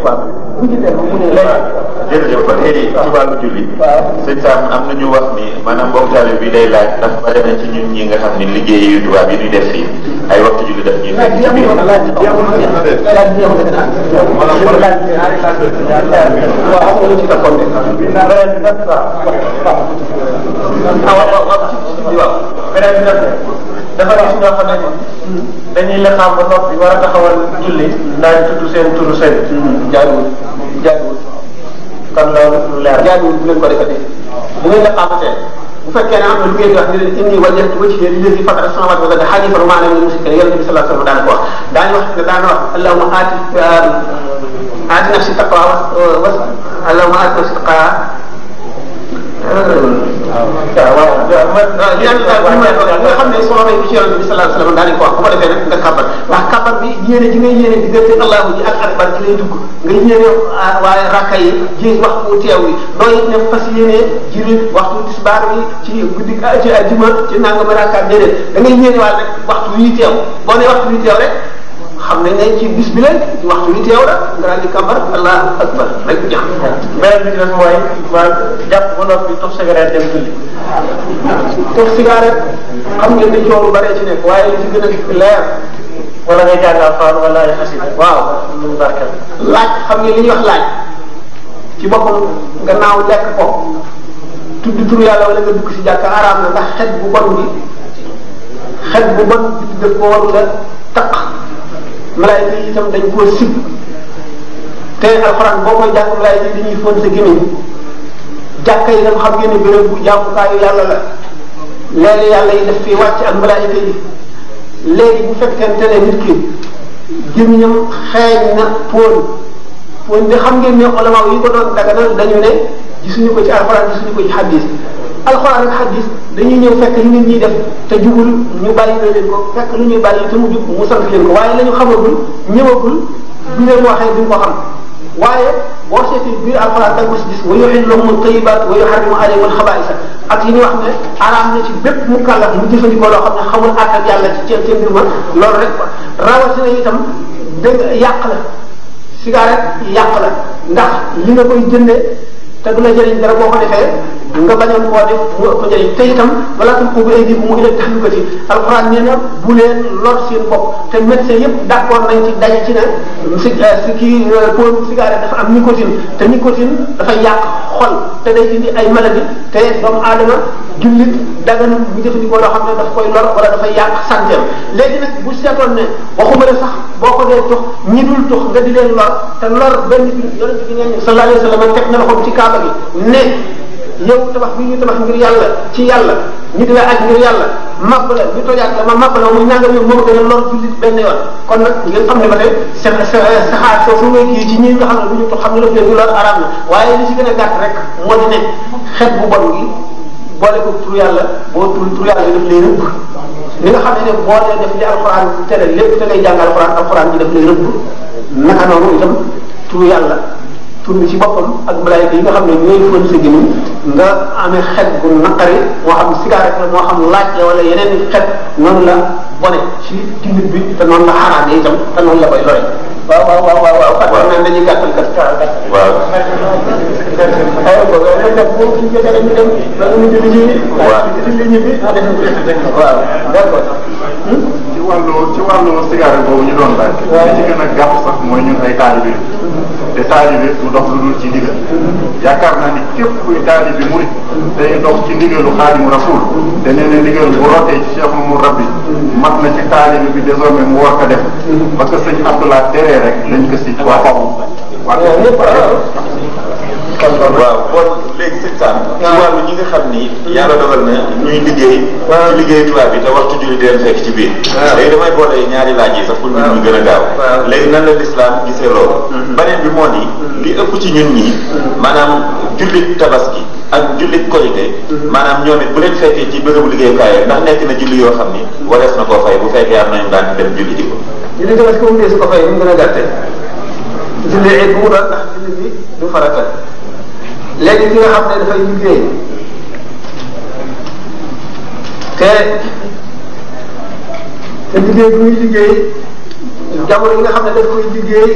dépense bi jërëjëf kon léegi ci wàllu julli am na ñu wax ni maanaam mbokk taalibe bi day laaj ndax bare nga xam ne liggéey yu tubaab yi ñu def fii ay waxtu julli daf ñuy nekk ci biir. Ah, dafa gis ñoo xam ne dañuy lexaam ba noppi war a taxawal julli naan tudd seen turu seen. jaaduwul jaaduwul. kon loolu leer jaaduwul bu leen ko defee bu ngeen lexaamatee bu fekkee ne am na lu ngeen di wax ni leen inni wajjahtu wajhiya lillazi fatara samawati wal arda hanifan wa ana mina al-mushrikeen yonent bi sallallahu alayhi wa sallam daan ko wax daan wax ne daan wax allahumma aati um, aati nafsi taqwa uh, wa allahumma aati nafsi taqwa waaw waaw ñaan daal bu may doon nga xam ne saxaaba yi ci yonent bi sallallahu alayhi wasallam daal di ko wax bu ko defee nag nga kàbbal ndax kàbbal bi yéene ji ngay yéene diggante allahu ji ak akbar ci lay dugg nga yéene waaye rakka yi ji waxtu teew yi dooy ne fas yéene jiri waxtu tisbaar bi ci guddi ci àjjuma ci nangam rakka déedéet da ngay yéene waal rek waxtu yi teew boo ne waxtu yi teew rek xam nañ ne ci bis bi la waxtu bi teew la nga daal di kàmbar allah akbar rek jeex. beneen bi ci des mooy ma jàpp ba noppi tox cigarette dem julli. tox cigarette xam ngeen ne coow lu bare ci nekk waaye li ci gën a leer. wala ngay jàng alxuraan wala la xasida waaw lu barkeel. laaj xam ngeen li ñuy wax laaj ci boppam nga naaw lekk ko tudd tur yàlla wala nga dugg si jàkka araam na ndax xet bu bon bi xet bu bon daf ko war nga taq. malaayka yi itam dañ koo sib te alxuraan boo koy jàng malaayka yi dañuy fóon sa gémmiñ jàkka yi dem xam ngeen ne béréb bu jàppukaayu yàlla la léegi yàlla yi def fii wàcc ak malaayka yi léegi bu fekkente ne nit ki gémmiñam xeeñ na póon póon bi xam ngeen ne olamaa yi ko doon daganal dañu ne gisuñu ko ci alxuraan gisuñu ko ci xaddis alxuraan ak xadis dañuy ñëw fekk lu nit ñi def te jubul ñu bàyyi la leen ko fekk lu ñuy bàyyi te mu jub mu sant leen ko waaye la ñu xamagul ñëwagul bu waxee duñ ko waaye boo seetee biir alxuraan da nga ko si gis wa yuhillu lahum tayyibaat wa yuharrimu alayhim al-xabaa'isa ak yi ñuy wax ne araam na ci bépp mu kàllaf mu jëfandikoo loo xam ne xamul àq ak yàlla ci ceeb ceeb bi ma loolu rek ko rawatina itam dégg yàq la cigarette yàq la ndax li nga koy jëndee te du la jëriñ dara boo ko defee nga bañoon koo def te itam wala tam ko bu ay bu mu ila taxlu ko ci alxuraan nee na bu leen lor seen bopp te médecin yëpp d'accord nañ ci euh, euh, dafa am nicotine te nicotine dafay yàq xol te day indi ay maladie te doomu aadama jullit dagan bu jëfandikoo loo xam ne daf koy lor wala dafay yàq santeem léegi nag bu seetoon ne waxuma la sax boo ko dee tux ñi dul tux nga di leen lor te lor benn bi yonent bi sallallahu saxaaba ne yow tabax bi ñu tabax ngir yàlla ci yàlla ñu di la aj ngir yàlla màbb la ñu tojaat la ma màbb la muy nangam yow moom gën a lor xam ne ba tey sa sa saxaar soosu ngay kii ci ne bu ñu to xam ne daf leen di lor araam na a gàtt rek moo ne boole ko tur yàlla boo tur tur yàlla daf lay rëbb li nga xam ne ne boo dee def li alxuraan tere lépp da ngay jàng alxuraan alxuraan ji daf lay rëbb naka noonu itam tur yàlla tur bi ci boppam ak malaayka yi nga xam ne ñooy fóon sa gémmiñ nga amee xet bu naqari moo xam cigarette la moo xam laaj la wala yeneen xet noonu la bone ci timit bi te noonu la xaraane itam te noonu la koy lore waaw waaw waaw waaw waaw fàttali naa dañuy gàttal kat waaw waaw d'accord ci wàllu ci wàllu cigarette boobu ñu doon laaj hmm? li ci gën a gàpp sax mooy ñun ay taalibe hmm. taalibe du dox lu dul ci ndigal yaakaar naa ni képp kuy taalibe murit day dox ci ndigalu xaadimu rasul te nee na ndigal bu rotee ci Cheikh Mamadou Rabbi mat na ci taalibe bi désormais mu war ko def parce que sëñ Abdoulaye teree rek lañ ko si waa waaw waaw bon léegi sëñ Sam ci wàllu ñi xam ni mm-hmm. yàlla dogal na ñuy liggéey ci liggéey tubaab bi te waxtu julli di leen fekk ci biir léegi damay boole ñaari laaj yi sax pour ñun ñu gën a gaaw léegi nan la lislaam gisee loolu mm-hmm. beneen bi moo di mm-hmm. li ëpp ci ñun ñii maanaam jullit tabaski ak jullit korité maanaam ñoom it bu leen fekkee ci liggéey liggéeyukaay ndax nekk na julli yoo xam ni warees na koo fay bu fekkee am nañu daan dem julli ji ko julli tabaski moom dees ko fay mu gën a gàtte léegi ki nga xam ne dafay liggéey te te liggéey bi muy liggéey jamono yi nga xam ne daf koy liggéey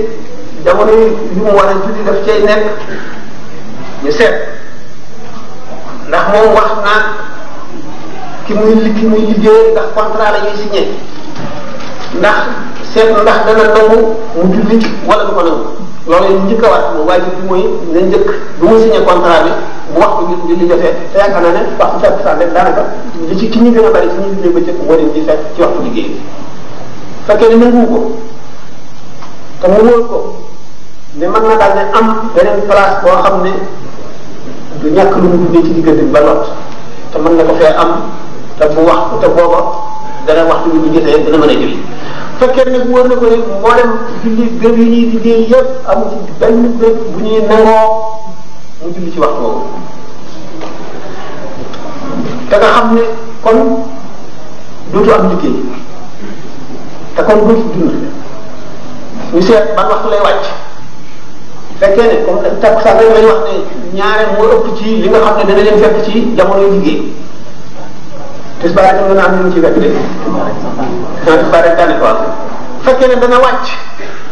jamono yi li mu war a julli daf cay nekk ñu seet ndax moom wax naa ki muy liggéey ndax contrat la ñuy signé ndax seet ndax dana nangu mu julli wala du ko nangu loolu yi njëkk a war waaye bi mooy na njëkk bu mu signé contrat bi mu wax ko ñu julli jotee te yaakaar naa ne waxtu fekk sax rek daanaka li ci ki ñu gën a bari ci ñu julli bëccëg moo leen di fekk ci bi mu wóor ko na daal ne am beneen place boo xam ne du ñàkk lu mu dundee ci diggante bi ba lot te mën na ko fee am te bu wax te booba dana waxtu bi bu jotee dina mën a julli fekkee ne wóor na ko ne mboolem julli gën yi liggéey yëpp amu ci bu ñuy nangoo mu julli ci waxtu woowu te nga xam ne kon dootu am liggéey te kon dootu dund ñu seet ban waxtu lay wàcc fekkee ne comme takk sax rek lañ wax ne ñaare moo ëpp ci li nga xam ne dana leen fekk ci jamono liggéey tisbaar rek nga naan ñu ci fekk de tisbaar rek daanaka fekkee ne dana wàcc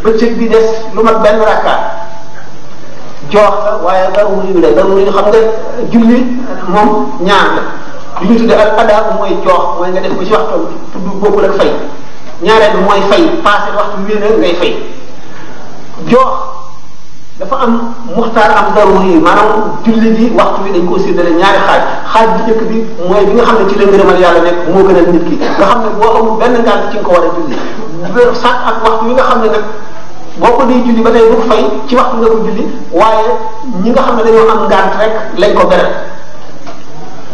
bëccëg bi des lu mat benn rakkaat joox la waaye daruri bi la daruri xam nga julli moom ñaar la li ñu tudde al ada mooy joox mooy nga def ko ci waxtu bi la bokkul ak fay ñaareel bi mooy fay passé waxtu wéena ngay fay joox dafa am muxtaar am daruri yi maanaam julli bi waxtu bi dañ koo séddale ñaari xaaj xaaj bi njëkk bi mooy bi nga xam ne ci la ngërëmal yàlla nekk moo gënal nit ki nga xam ne boo benn ngànt ci nga ko war a julli sax nga xam ne nag boo ko dee julli ba tey du fay ci waxtu nga ko julli waaye ñi nga xam ne dañoo am ngànt rek lañ ko beral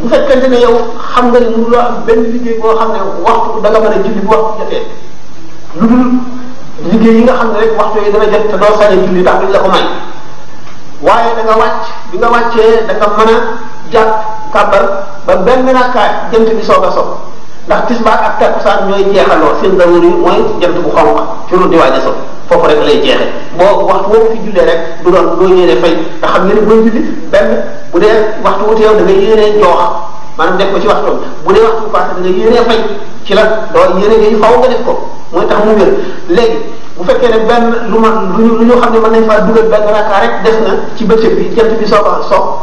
bu fekkente ne yow xam nga ne mënuloo am benn liggéey boo xam ne waxtu da nga mën a julli bu waxtu jotee liggéey yi nga xam ne rek waxtu yi dana jot te doo sañ a julli ndax duñ la ko may waaye da nga wàcc bi nga wàccee da nga mën a jàpp kàbbal ba benn rakkaat jënt bi soog a soog ndax tisbaar ak takkusaan ñooy jeexaloo seen zawur yi mooy jant bu xonq fi mu di waaj a soog foofu rek lay jeexe boo waxtu woo fi jullee rek du doon boo yéenee fay nga xam ne ni booy julli benn bu dee waxtu wuteew da nga yéenee joox maanaam def ko ci waxtoom bu dee waxtu passé da nga yéenee fay ci la doo yéene ngay faw nga de ko mooy tax mu wér léegi bu fekkee ne benn lu ma ñu lu ñu xam ne mën nañ faa dugal benn raka rek des na ci bëccëg bi jant bi soo ko soo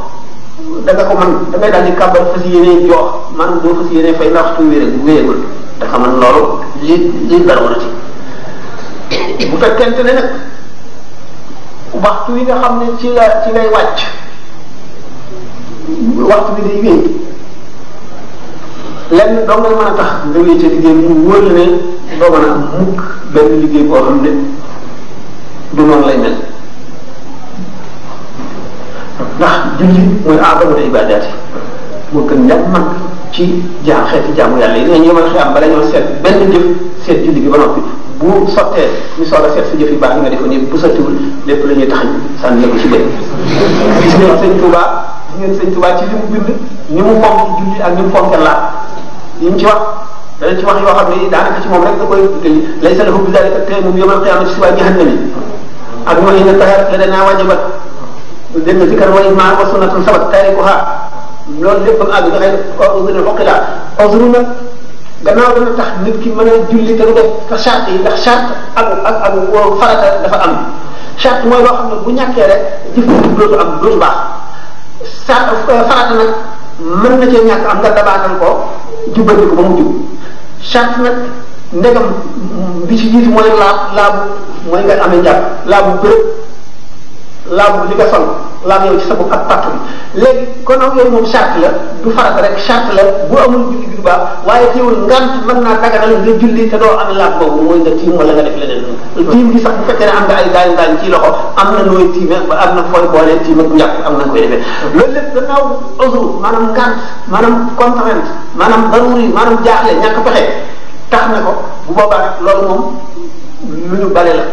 da nga ko mën da ngay daal di kàbbal fas yéenee joox maanaam doo fas yéenee fay na waxtu wér te xamal loolu li li dara a fekkente ne waxtu wi nga xam ne ci la ci waxtu bi day wéy lenn dong nga mën a tax nga wéy ca liggéey mu wóor ne doo mën a am mukk benn liggéey boo xam ne du noonu lay mel ndax julli mooy aadama day ibaadaati moo gën ñett mag ci jaam xeeti jaamu yàlla yi dañuy mën a xiyam bala seet benn jëf seet julli gi ba noppi bu sottee ñu soog a seet sa jëf yu baax yi nga defoon yëpp bu sottiwul lépp la ñuy taxañ sànni la ko ci dee gis ngeen sëñ Touba gis ngeen ci li mu bind ni mu fonk julli ak ni mu fonk laat yi ñu ci wax danañ ci wax yoo xam ne daanaka ci moom rek da koy dutali lay salahu bi dalika tey moom yomal qiyaama ci suba jahannam yi ak mooy na taxaat la danaa wajabat dégg nga zikar mooy maa wa sunnatun sabat taarikuha loolu lépp ba mu àgg dafay dina foqilaa ausru nag gannaaw dana tax nit ki mën a julli te du def fa charte yi ndax charte ak ak ak farata dafa am charte mooy loo xam ne bu ñàkkee rek jëf dootu am dootu baax charte farata nag mën na cee ñàkk am nga dabaatal ko jubbanti ko ba mu jub charte nag ndegam ci mooy laabu mooy nga amee jàpp laabu bërëb laabu li nga sol laab yow ci sa bopp ak pàtt bi léegi kon am yooyu moom charte la du farat rek charte la bu amul julli bi du ba waaye teewul ngant mën naa daganal nga julli te doo am bu boobu mooy nga tiim wala nga def leneen tiim bi sax bu fekkee ne am nga ay gaañ gaañ ci loxo am na nooy tiime ba am na fooy boolee tiime ak njàpp am na koy defee loolu lépp gannaaw ausur maanaam ngant maanaam ma maanaam daruri maanaam jaaxle ñàkk pexe tax na ko bu boobaa loolu moom lu ñu bale la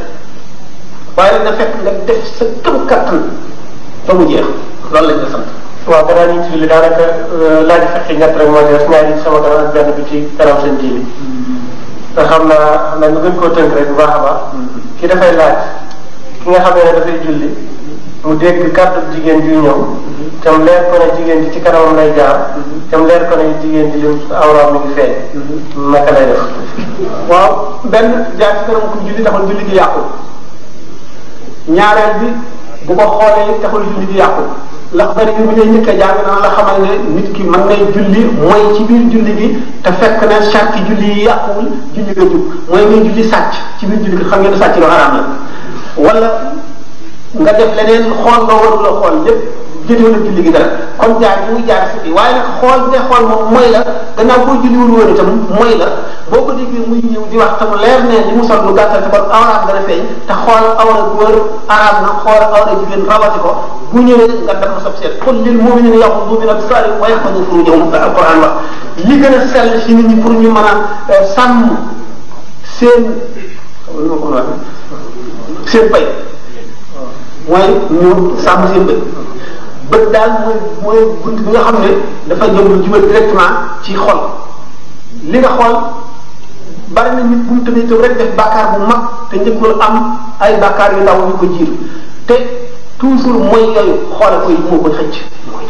waaye na fekk nga def sa këm kattan ba mu jeex loolu lañ la sant. waaw danaa li daanaka euh, laaj fekk ñett rek moo des ñaari sama kanam ak benn bi ci kanam seen ji xam na xam naa ñu gën koo tënk rek bu baax a baax. ki dafay laaj ki nga xam ne dafay julli mu dégg kàddu jigéen juy ñëw. te leer ko ne jigéen ji ci kanamam lay jaar. te leer ko ne jigéen ji yow awraam mi ngi feeñ. Mm-hmm. naka waaw benn jaar ci kanam ku julli taxul julli gi yàqu. ñaareel bi bu ko xoolee taxul julli di yàqu la bari bi bu dee njëkk a jàng dana la xamal ne nit ki man ngay julli mooy ci biir julli gi te fekk na sàcc julli yi yàquwul julli nga jub mooy ngay julli sàcc ci biir julli gi xam ngeen ne sàcc lu xaraam la wala nga def leneen xool nga warul la xool yépp jëlee na julli gi dara kon jaar bi muy jaar waaye nag xool ne xool moom mooy la gannaaw boo julliwul woon itam mooy la boo ko déggee muy ñëw di wax tam leer ne li mu sol lu gàttal ci kon awraam dana feeñ te xool awra góor araam na xool awra jigéen rabati ko bu ñëwee nga def sab seet kon li gën a sell si nit ñi pour ñu mën a euh, sàmm seen seen pay mooy ñu sàmm seen pay bët daal mooy mooy bunt bi nga xam ne dafa ñëw jubal directement ci xol li nga xool bari na nit bu mu tëddee def bàkkaar bu mag te njëkkul am ay bàkkaar yu ndaw ñu ko jiitu te toujours mooy yooyu xoola koy moo koy xëcc mooy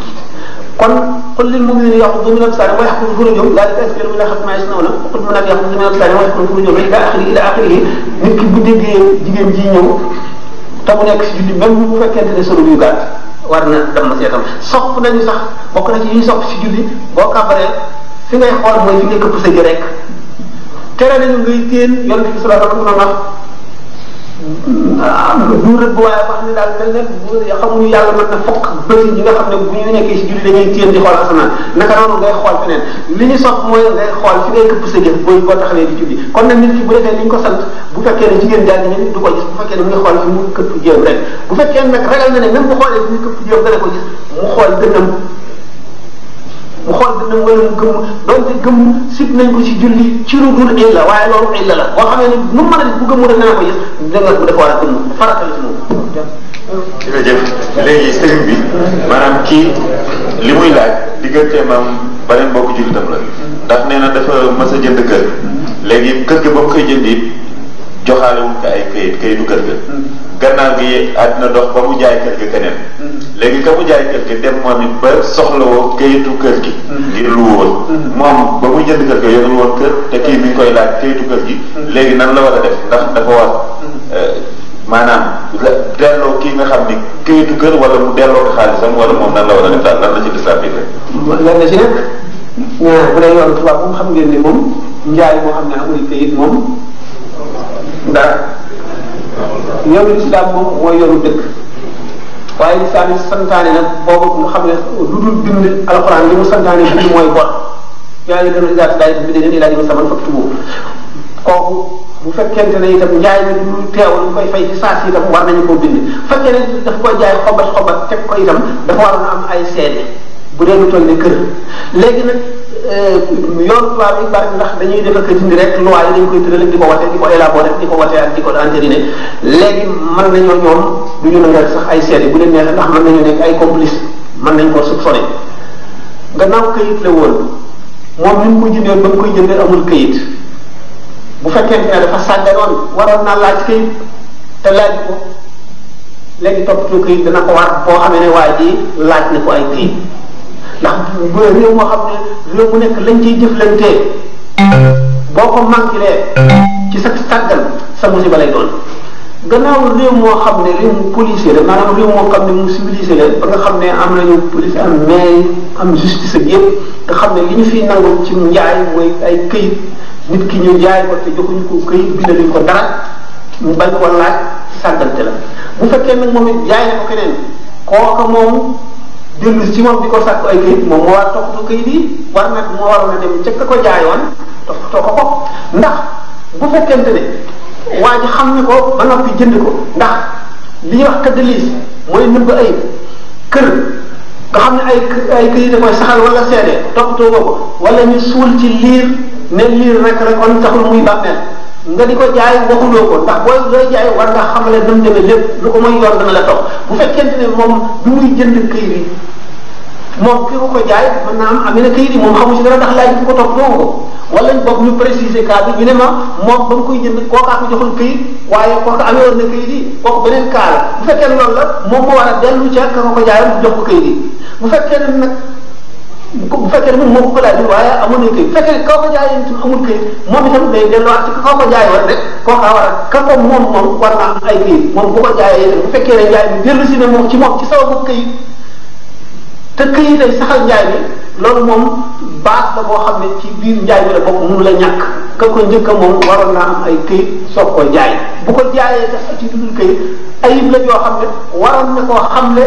kon xul lil mu'minina yaxuddu min absaarihim wa yaxfazu furujahum daalika azkaa lahum illaa xatmaa yasna'uun xul mu'minaat yaxuddu jigéen ji ñëw te mu nekk si julli ba bu fekkente ne solo yu gàtt war na dem seetam sopp nañu sax bokk na ci ñuy sopp ci julli boo kàbbaree fi ngay xool mooy fi ngay këpp sa ji rek tere nañu ngay téen yonent bi sallallahu alayhi wa sallam ah duur rek bu waaye wax ne daal mel ne na fokk bëri ñi nga xam ne bu ñu nekkee si julli dañuy téen di xool asamaan naka noonu ngay li ñu sopp mooy ngay xool fi ngay këpp sa jëf booy boo taxawee di julli kon nag nit ki bu defee li ñu ko sant bu fekkee ne jigéen jàng na du ko gis bu fekkee ne mu ngi xool fi mu këpp jéem rek bu fekkee nag ragal na ne même bu xoolee fi mu këpp jéem dana ko gis mu xool dënnam mu xool dënnam wala mu gëmm donte gëmm nañ ko ci julli ci lu dul illa waaye loolu illa la boo xamee ne nu mu mën a def bu gëmm rek dana ko gis danga ko dafa war a gëmm farata la ci moom. jërëjëf léegi sëriñ bi maanaam kii li muy laaj diggante maam beneen mbokku jullitam la ndax nee na dafa mas a jënd kër léegi kër gi ba mu koy jënd it joxaale wuñ ko ay kayit kayitu kër ga. Mm. gannaaw àddina dox ba mu jaay kër ga keneen. Mm. léegi ka mu jaay kër ga dem moom it ba soxlawoo kayitu kër gi. Mm. ngir lu woon. moom ba muy jënd kër ga yorul woon kii koy laaj kayitu kër gi. léegi nan la war a def ndax dafa war. Euh, maanaam delloo kii nga xam ni kayitu kër wala mu delloo ko xaalisam wala moom nan la war a def daal lan la ci des lan la ci nekk. ñaar bu dee yoonu tubaab moom xam ngeen ne moom njaay moo xam ne amul kayit moom. dara yoonu lislaam moom mooy yoonu dëkk waaye lislaam yi santaane nag boobu nga xam ne lu dul bind alxuraan li mu santaane bind mooy bor ñaari gën a isaat daal bi dañuy laaj ma sama fakk tubu kooku bu fekkente ne itam njaay mi lu teew lu koy fay ci saa si itam war nañu koo bind fekkee ne daf koy jaay xobat xobat teg ko itam dafa am ay seede bu dee lu toll ne kër léegi nag euh, yoon tubaab yi bari ndax dañuy def ak dindi rek loi yi dañ koy tëral di ko wate di ko élaboré di ko wate ak di ko entériné léegi mën nañoo ñoom du ñu nangal sax ay yi bu leen neexee ndax mën nañu nekk ay complice mën nañ ko soupçonné gannaaw këyit la woon moom ni mu ko jëndee ba mu koy jëndee amul këyit bu fekkente ne dafa sàgganoon waroon naa laaj këyit te laaj ko léegi toppatoo këyit dana ko war boo xamee ne waa laaj na ko ay këyit ndax bu réew moo xam ne réew mu nekk lañ ciy jëflantee boo ko manqué ci sa tàggal sa musiba lay doon gannaaw réew moo xam ne réew mu policier la maanaam réew moo xam ne mu civilisé la ba nga xam ne am nañu police am maire am justice ak yëpp nga xam ne li ñu fiy nangu ci njaay mooy ay këyit nit ki ñu jaay ko te joxuñu ko këyit bindaluñ ko dara mu bañ ko laaj sàggante la bu fekkee nag moom it jaay na ko keneen kooka moom dellu si moom di ko sàkku ay kayit moom moo war toppatoo kayit yi war na moo waroon a dem ca ko jaayoon toppatoo ko ko ndax bu fekkente ne waa ji xam ne ko ba noppi jënd ko ndax li ñuy wax tëddaliis mooy nëbb ay kër nga xam ne ay ay kayit a koy saxal wala seede toppatoo ko wala ñu suul ci liir ne liir rek rek on taxul muy bàmmeel nga di ko jaay waxuloo ko ndax booy looy jaay war nga xamale dam deme lépp lu ko mooy yoon dana la topp bu fekkente ne moom du muy jënd këy bi moom ko jaay ma naa a amee na këyit yi moom xamu si dara ndax laaj ko topp doo ko wala boog ñu préciser cas bi ne ma moom ba mu koy jënd kookaa ko joxul këyit waaye kooka amee woon na këyit yi kooku beneen cas la bu fekkee loolu la moom war a dellu ca ka ko jaayoon jox ko këyit yi bu bu fekkee ne moo ko ko laaj waaye amul nañ këy bu fekkee kaw ko jaayee amul këy moom itam day delluwaat ci kaw ko jaay war rek koo xaa war a ka ko moom moom war naa am ay këy moom bu ko jaayee bu fekkee ne jaay bi dellu si ne moom ci moom ci sababu këy te këy day saxal njaay bi loolu moom baax la boo xam ne ci biir njaay bi la bokk mënu la ñàkk ka ko njëkk a moom waroon naa am ay këyit soog ko jaay bu ko la yoo xam ne waroon na koo xamle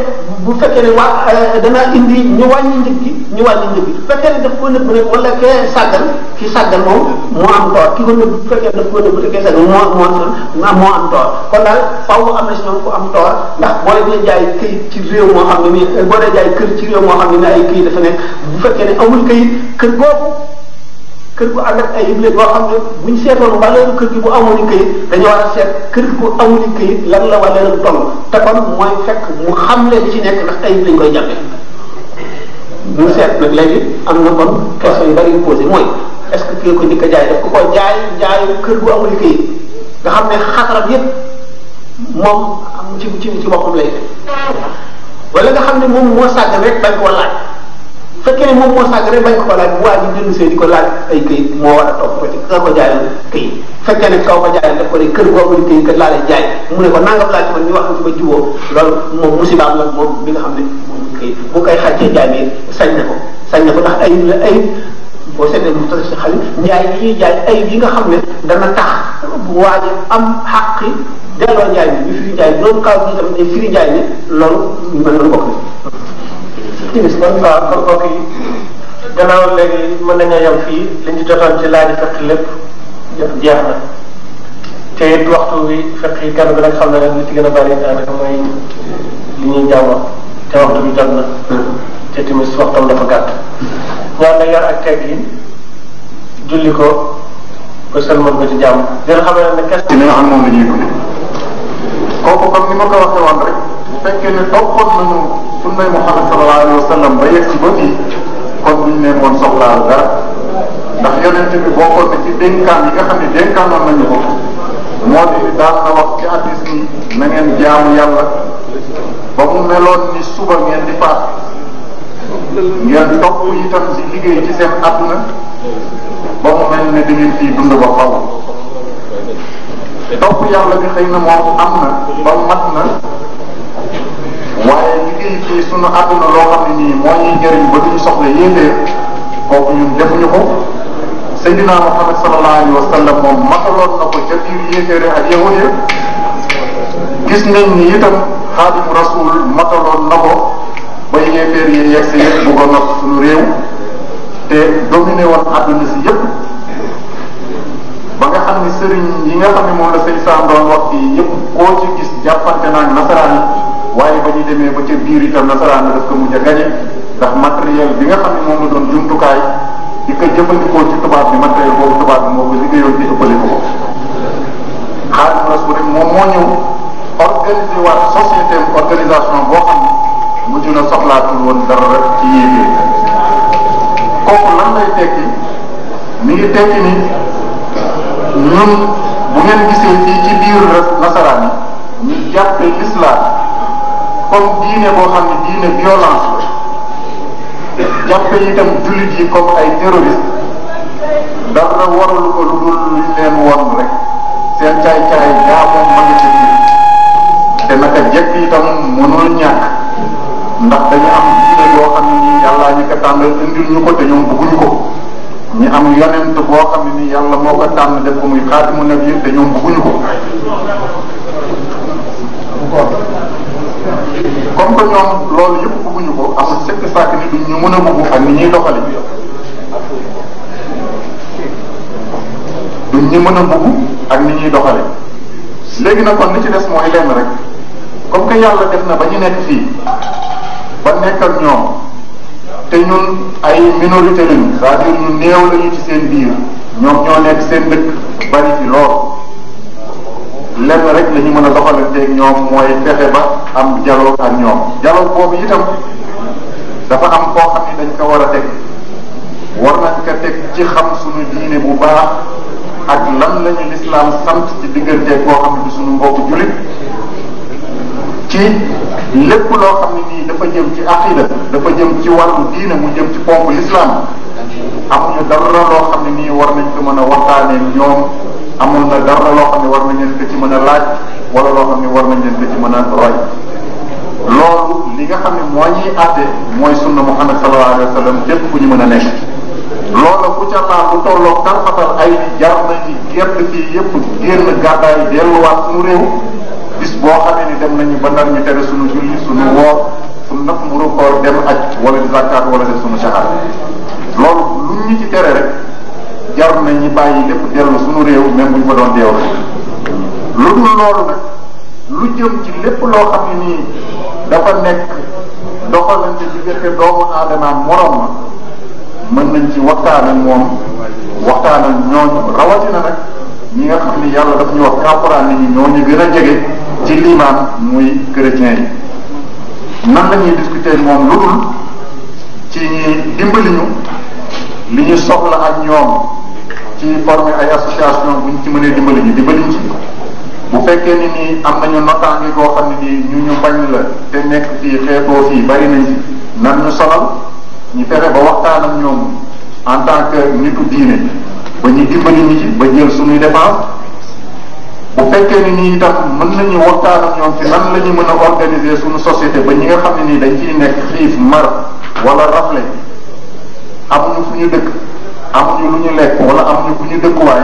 bu fekkee ne waa euh, dana indi ñu wàññi njëg gi ñu wàññi njëg gi bu fekkee ne ki sàggan moom moo am toor ki ko nëbb bu fekkee daf ko nëbb te kee sàggan moo moo am moo am toor kon daal faaw am na si ñoom ku am toor ndax boo dee jaay këyit ci réew moo xam ne mi ay këyit dafa nekk bu fekkee ne amul këyit kër googu kër gu ànd ak ay ible boo xam ne buñ seetoon wàllu kër gi bu amuñu këyit dañu war a seet kër gi bu amuñu këyit lan la wala lan toll te kon mooy fekk mu xam leen li ci nekk ndax ayib lañ koy jàppee ñu seet nag léegi am na kon question yu bari yu posé mooy est ce que kii ko njëkk a jaay daf ko ko jaay jaayu kër gu amuñu këyit nga xam ne xasaram yépp moom am ci ci ci boppam lay wala nga xam ne moom moo sàgg rek bañ ko laaj fekkee ne moom moo sàgg bañ ko ko laaj bu waa ji jënd see di ko laaj ay këyit moo war a topp ko ci ka ko jaayoon këyit fekkee ne kaw ko jaayoon daf ko ne kër googu di këyit kat laa jaay mu ne ko nangam laaj man ñu wax ci ba juboo loolu moom musibaam la bi nga xam ne moom këyit bu koy xàccee jaay bi sañ na ko sañ na ko ndax ay la ay boo seetee mu tëdd si xalit njaay yi jaay ay yi nga xam ne dana tax bu waa am xàq delloo njaay bi bi firi njaay bi loolu kaw bi tamit day firi njaay ne loolu ñu mel noonu bokk timis kon waaw kon mbokk yi gannaaw léegi mën nañoo yem fii li ñu jotoon ci laaj fekk lépp yëpp jeex na te it waxtu wi fekk yi kenn ku xam na leen li ci gën a bari daanaka mooy li ñuy jàmmoon te waxtu bi jot na te timis waxtam dafa gàtt ñaan na yar ak teg yi ko ba sëlmal ko ci jàmm dina xam ne ne question bi nga xam moom la ñuy dund kooku comme fekkee ne toppoon nañu sunnay Muhammad sallallahu alayhi wa ba yegg ci ba fii kon duñ ne moon soxlaal dara ndax yonent xam ne dénkaanoon nañu ko moo di daan na wax ci addis ni na ngeen yàlla ba mu meloon ni suba ngeen di faat ngeen topp yi si liggéey ci seen àdduna ba mu mel ne da ngeen fii dund ba faw topp yàlla bi xëy na moom am na ba mat na fii fii sunu àdduna loo xam ne nii moo ñuy jëriñ ba duñu soxla yéeféer kooku ñun defuñu ko Seydina Muhammad sallallahu alayhi wa sallam moom mataloon na ko ca biir yéeféere ak yahud ya gis nañ ni itam xaadim rasul mataloon na ko ba yéeféer yi yegg si yëpp bëggoon na ko suñu te dominé woon àdduna si ba nga xam ne sëriñ yi nga xam ne moom la sëñ Sam doon wax fii yëpp koo ci gis jàppante naag waaye ba ñu demee ba ca biir itam nasaraan bi daf ko mujj a gañe ndax matériel bi nga xam ne moom la doon jumtukaay di ko jëfandikoo ci tubaab bi matériel boobu tubaab bi moo ko liggéeyoon ci ëppale xaalis bu rek moom moo ñëw organiser waat société organisation boo xam ne mujj na soxlaatul woon dara rek ci yéegee kooku lan lay tekki mi ngi tekki ni ñun bu ngeen gisee fii ci biir nasaraan yi ñu jàppee islam comme diine boo xam ne diine violence la jàppe itam jullit yi comme ay terroriste dara waralu ko lu dul luñ leen woon rek seen caay-caay yaa moom ma ngi ci biir te naka jekk itam mënul xam ne nii yàllaa ñu ko tànn indil ñu ko ñu am yonent boo xam ne yàlla moo ko tànn def ko muy xaatimu nabi te ñoom bëgguñu ko comme que ñoom loolu yëpp bëgguñu ko amul sekk sàkk ni duñ a bëgg ni ñuy doxale duñ ñu mën a bëgg ak ni ñuy doxale léegi nag kon ni ci des mooy lenn rek comme que yàlla def na ba ñu nekk fii ba nekk ak ñoom te ñun ay minorité lañu cest à ñu néew lañu ci seen biir ñoom ñoo nekk seen dëkk bari ci lool lenn rek la ñu mën a doxalanteeg ñoom mooy fexe ba am dialogue ak ñoom dialogue boobu itam dafa am koo xam ni dañ ko war a teg war nañ ko teg ci xam suñu diine bu baax ak lan lañu lislaam sant ci diggante koo xam ne suñu mbokku jullit ci lépp loo xam ne nii dafa jëm ci aqida dafa jëm ci wàllu diine mu jëm ci ponk lislaam amuñu dara loo xam ne nii war nañ ko mën a waxtaanee ñoom amul na dara loo xam ne war nañ leen ko ci mën a laaj wala loo xam ne war nañ leen ko ci mën a roy loolu li nga xam ne moo ñuy àtte mooy sunna Muhammad sallallahu alayhi wa sallam lépp ku ñu mën a nekk loola ku ca laa bu tolloog ay jar na ci gerte fii yépp génn gàddaay delluwaat suñu réew bis ni dem nañu ba nar ñu tere suñu julli suñu woor dem aj wala di wala def suñu saxaar loolu lu ñu ci tere rek jar na ñi bàyyi lépp dellu suñu réew même bu fa doon deew lu dul loolu nag lu jëm ci lépp loo xam ne nii dafa nekk doxalante diggante doomu aadama morom ma mën nañ ci waxtaan ak moom waxtaan ak ñooñu rawatina nag ñi nga xam ni yàlla daf ñu wax caporal nit ñi ñooñu gën a jege ci limaan muy chrétien yi nan la ñuy moom lu dul ci dimbali ñu li ñu soxla ak ñoom ci former ay association bu ñu ci mënee dimbali ñu dimbali ñu ci bu fekkee ni nii am nañu notaange koo xam ne nii ñu ñu bañ la te nekk fii xeetoo fii bari nañ ci nan ñu sonal ñu fexe ba waxtaan ak ñoom en tant que ba ñu dimbali ñu ci ba jël suñuy dépense bu fekkee ni nii itam mën nañu waxtaan ak ñoom ci nan la ñu mën a organiser suñu société ba ñi nga xam ne nii dañ ciy nekk xiif mar wala rafle amuñu fu ñu dëkk amuñu lu ñu lekk wala amuñu fu ñu dëkkuwaay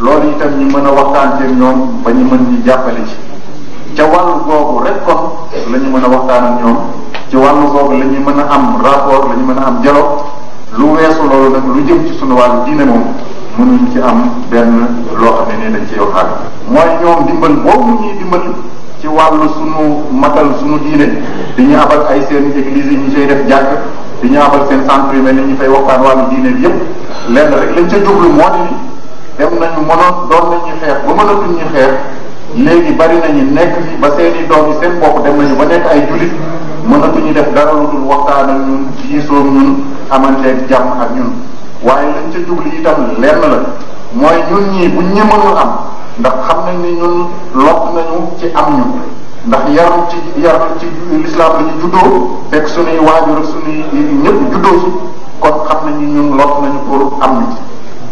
loolu itam ñu mën a waxtaan seen ñoom ba ñu mën ñu jàppale ci ca wàllu googu rek kon la mën a waxtaan ak ñoom ci wàll googu lañuy mën a am rapport la ñu mën a am dialogue lu weesu loolu nag lu jëm ci sunu wàllu diine moom mënuñ ci am benn loo xam ne nii dañ ci yow xaal mooy ñoom dimbal boobu ñuy dimbal ci wàllu sunu matal sunu diine di ñu abal ay seen église yi ñu cay def jàkk di ñu abal seen centre yu mel ni ñu fay waxtaan wàllu diine bi yëpp lenn rek lañ ca jublu moo di ni dem nañu mënoon doon nañu xeex ba mënatuñ ñu xeex léegi bari nañu nekk fi ba seen yi seen bopp dem nañu ba nekk ay jullit mënatuñu def dara lu dul waxtaan ak ñun jiisoo ñun amanteeg jàmm ak ñun waaye lañ ca jublu itam lenn la mooy ñun ñii buñ ñi am ndax xam nañ ni ñun lott nañu ci am ñu ndax yaru ci yaru ci l'islam la ñu juddoo fekk suñuy waajur suñuy ñëpp juddoo ci kon xam nañ ni ñun lott nañu pour am ñu ci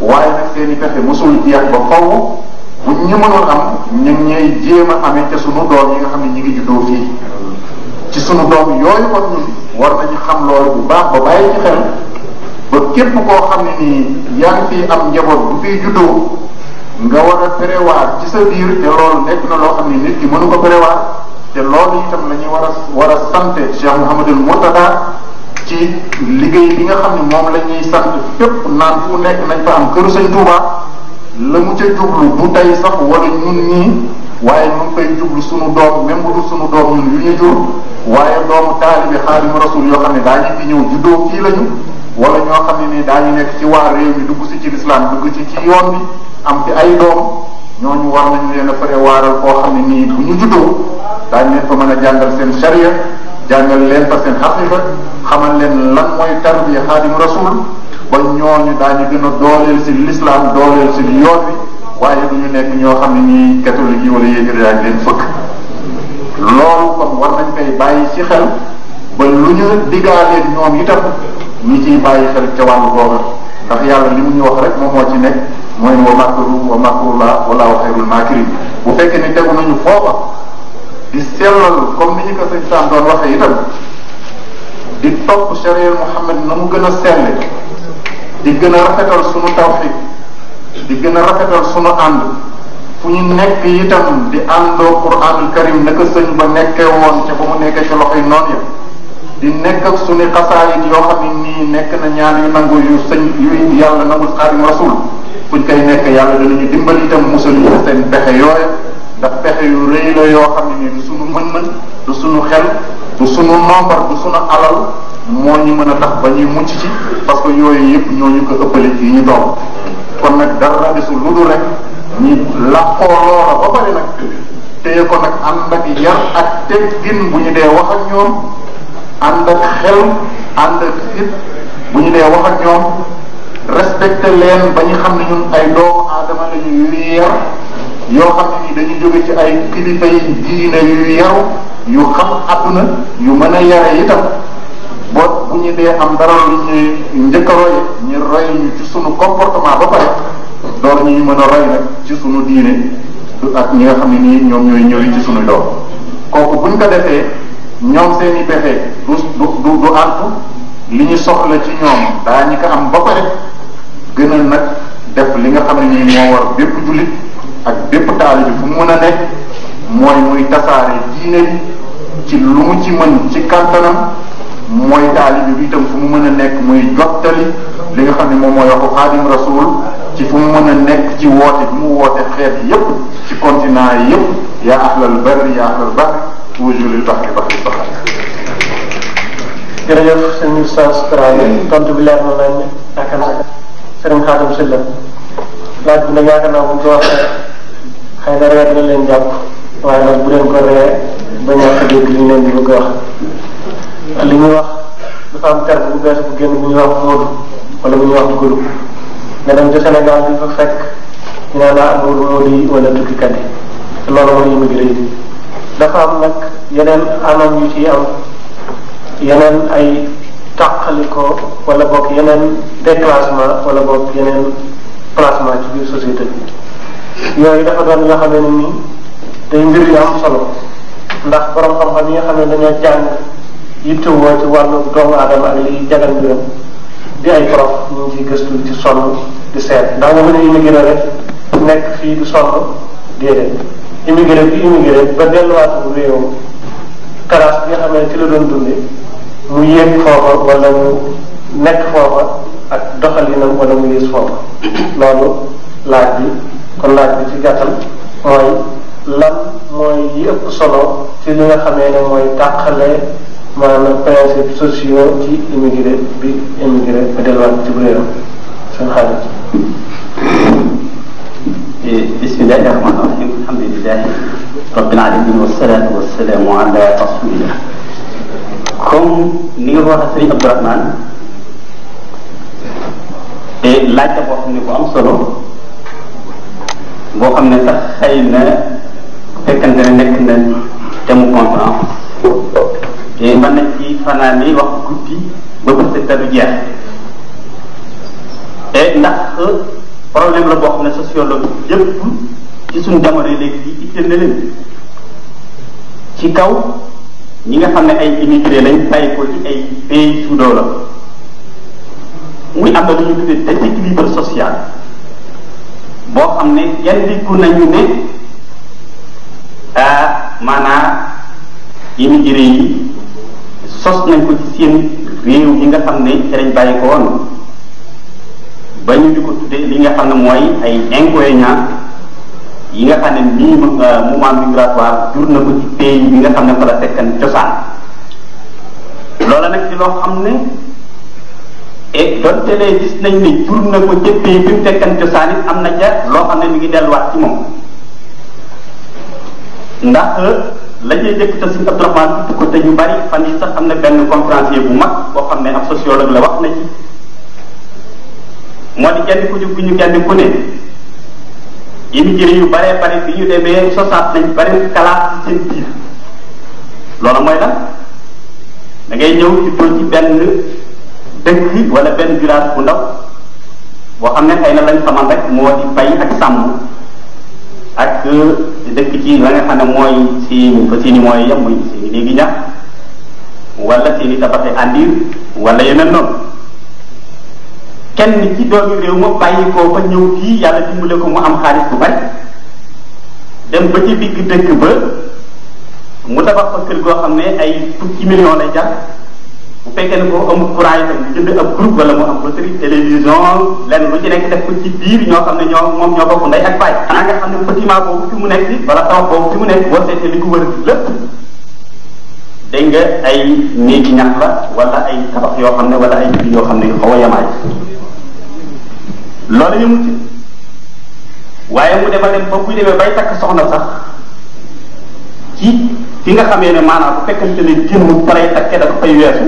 waaye nag seen i pexe mosul jeex ba faw bu ñu am ñu ñuy jéem a amee ca sunu doom yi nga xam ne ñu ngi juddoo fii ci sunu doom yooyu kon ñun war nañu xam loolu bu baax ba bàyyi ci xel ba képp koo xam ne nii yaa ngi fii am njaboot bu fii juddoo nga war a prévoir ci sa biir te loolu nekk na loo xam ne nit ki mënu ko prévoir te loolu itam la ñuy war a war a sant Cheikh Mouhamadul Murtada ci liggéey bi nga xam ne moom la ñuy sant fépp naan fu nekk nañ fa am këru Sëñ Tuuba la mu ca jublu bu tey sax wala ñun ñii waaye ñu ngi koy jublu sunu doom même bu dul sunu doom ñun yu ñu jur waaye doomu taalibi Xaadimu Rasuul yoo xam ne daañu fi ñëw juddoo kii lañu wala ñoo xam ne nii daañu nekk ci waa réew mi dugg si ci lislaam dugg ci am ci ay doom ñooñu war nañu leen a fexe waaral xam ne nii bu ñu juddoo daañ leen fa mën a jàngal seen sharia jàngal leen fa seen xaqiqa xamal leen lan mooy tarbiya xaadim rasul ba ñooñu daañu gën a dooleel si lislaam dooleel si yoon wi waaye du ñu nekk ñoo xam ne nii catholique yi wala yéegri daañ leen fëkk loolu kon war ci xel ba lu ñu ciy bàyyi xel ca wàllu boobu ndax yàlla li mu ñu rek moo moo ci nekk mooy wa makaru wa makarullah wallahu xayrul makirin bu fekkee ni tegu nañu foofa di sellal comme ni doon waxee itam di topp charia Muhammad na mu gën a selle di gën a rafetal sunu tawfiq di gën a rafetal sunu ànd fu ñu nekk itam di àndoo Qur'anul Karim naka sëñ ba nekkee woon ca ba mu nekkee ci loxoy noonu ya di nekk ak sunu xasaayit yoo xam nii nekk na ñaan yu nangu yu sëñ yu yàlla nangul Xaadim Rasul buñ koy nekk yàlla danañu dimbali itam musal ñu seen pexe yooyu ndax pexe yu rëy la yoo xam ne ni du sunu mën-mën du sunu xel du sunu moo ñu mën a tax ba ñuy mucc ci parce que yooyu yëpp ñooñu ko ëppale fii ñu toog kon nag dara desul lu dul ñi làqoo nag téye ko ak yar teggin bu ñu dee wax ak ñoom ànd ak xel ànd ak bu ñu dee wax ak ñoom respecté leen ba ñu xam ne ñun ay doomu aadama la ñu yar yoo xam ne ni dañu jóge ci ay kilifa yi diine yu yaru yu xam adduna yu mën a yare itam boo bu ñu dee am dara lu ñuy njëkk a roy ñu roy ñu ci sunu comportement ba pare door ñu mën a roy nag ci sunu diine ak ñi nga xam ne nii ñoom ñooy ñëwi ci sunu doom kooku buñ ko defee ñoom seeni i pexe du du du antu li ñu soxla ci ñoom daa daañu ko am ba pare gën a nag def li nga xam ne nii moo war bépp jullit ak bépp taalibe fu mu mën a nekk mooy muy tasaare diine bi ci lu mu ci mën ci kàttanam mooy taalibe bi itam fu mu mën a nekk muy jottali li nga xam ne moom mooy waxu xaadim rasul ci fu mu mën a nekk ci woote bi mu woote xeet yëpp ci continent yi yépp yaa ahlal barri yaa ahlal bahri toujours li tax li tax li tax. sëriñ Xaadim Sylla laaj bi nag yaakaar naa bu ñu ko na reer la leen jàpp waaye nag bu leen ko ree ba ñàkk dégg li ñu wax li ñuy wax dafa am terme bu bees bu génn bu ñuy wax moodu wala bu ñuy wax tugalu nga dem ci a bi fa fekk ñu naan laa amul moodu yi wala yi te yu ci am yeneen ay tàqalikoo wala boog yeneen déclassement wala boog yeneen placement ci biir société bi yooyu dafa doon yoo xam ne ni day mbir yu am solo ndax borom xam-xam yi nga xam ne dañoo jàng yittewoo ci wàllu doomu aadama ak liy jagal mbiram di ay prof ñu ngi ciy gëstu ci sonn di seet ndax nga mën a immigré rek nekk fii di sonn déedéet immigré bi immigré ba delluwaat bu réewam terrasse bi nga xam ne ci la doon dundee mu yéeg foofa wala mu nekk foofa ak doxalinam wala mu yées foofa loolu laaj bi kon laaj bi ci gàttal mooy lan mooy yi solo ci li nga xamee ne mooy tàqale maanaam principes sociaux ci immigré bi immigré ba delluwaat ci bu réeram seen xaalis. bismillahi rahmani rahim alhamdulilahi rabbil alamin wasalaatu wasalaamu ala rasulillah comme ni nga ko waxee sëriñ Abdourahman te laaj la boo xam ne bu am solo boo xam ne sax xëy na fekkante ne nekk na te mu conférence te mën nañ ci fanaani wax guddi ba bët te jeex te ndax problème la boo xam ne sociologue yëpp ci suñ jamono yi léegi itteel na ci kaw ñi nga xam ne ay immigré lañ bàyyi ko ci ay pays sous-développés la muy am na lu ñu tuddee déséquilibre social boo xam ne yandiku nañu ne ah, maanaam immigré yi sos nañ ko ci seen réew yi nga xam ne ci lañ bàyyi ko woon ba ñu di ko tuddee li nga xam ne mooy ay inconvénients yi nga xam ne nii euh, mouvement migratoire jur na ko ci pays bi nga xam ne fa la fekkan cosaan loola nag loo xam ne et donte lee gis nañ ne jur na ko ci pays bi mu fekkan cosaan it am na ca loo xam ne mi ngi delluwaat ci moom ndax euh, la ñuy jëkk te suñu Abdourahmane tudd ko te ñu bari fan yi sax am na benn conférencier bu mag koo xam ne ab sociologue la wax na ci moo di kenn ku ñu kenn ku ne yenn jëriñ yu baree bari bi ñu demee sosaat nañ bari kalaat seen biir loolu mooy lan da ñëw ci tool ci benn dëkk wala benn village bu ndaw boo xam ne xëy na lañ xamal rek moo di bay ak sàmm ak euh, dëkk ci la nga xam ne mooy seen fa seen i mooy yem muy seen léegi ñax wala seen i tabaxi àndiir wala yeneen noonu kenn ci doomi réew ma bàyyi koo ba ñëw fii yàlla dimbale ko mu am xaalis bu bari dem ba ci digg dëkk ba mu tabax fa kër goo xam ne ay fukki million lay jar bu fekkee ne ko amul courant itam di jënd ab groupe wala mu am bateri télévision lenn lu ci nekk def ko ci biir ñoo xam ne ñoo moom ñoo bokk ndey ak baay xanaa nga xam ne bâtiment boobu fi mu nekk si wala tabax boobu fi mu nekk boo seetee li ko wër lépp dégg nga ay néegi ñax la walla ay tabax yoo xam ne wala ay biir yoo loolu yëngu ci waaye mu dem a dem ba kuy demee bay takk soxna sax ci ki nga xamee ne maanaam bu fekkante ne génn balay takkee dafa fay weesu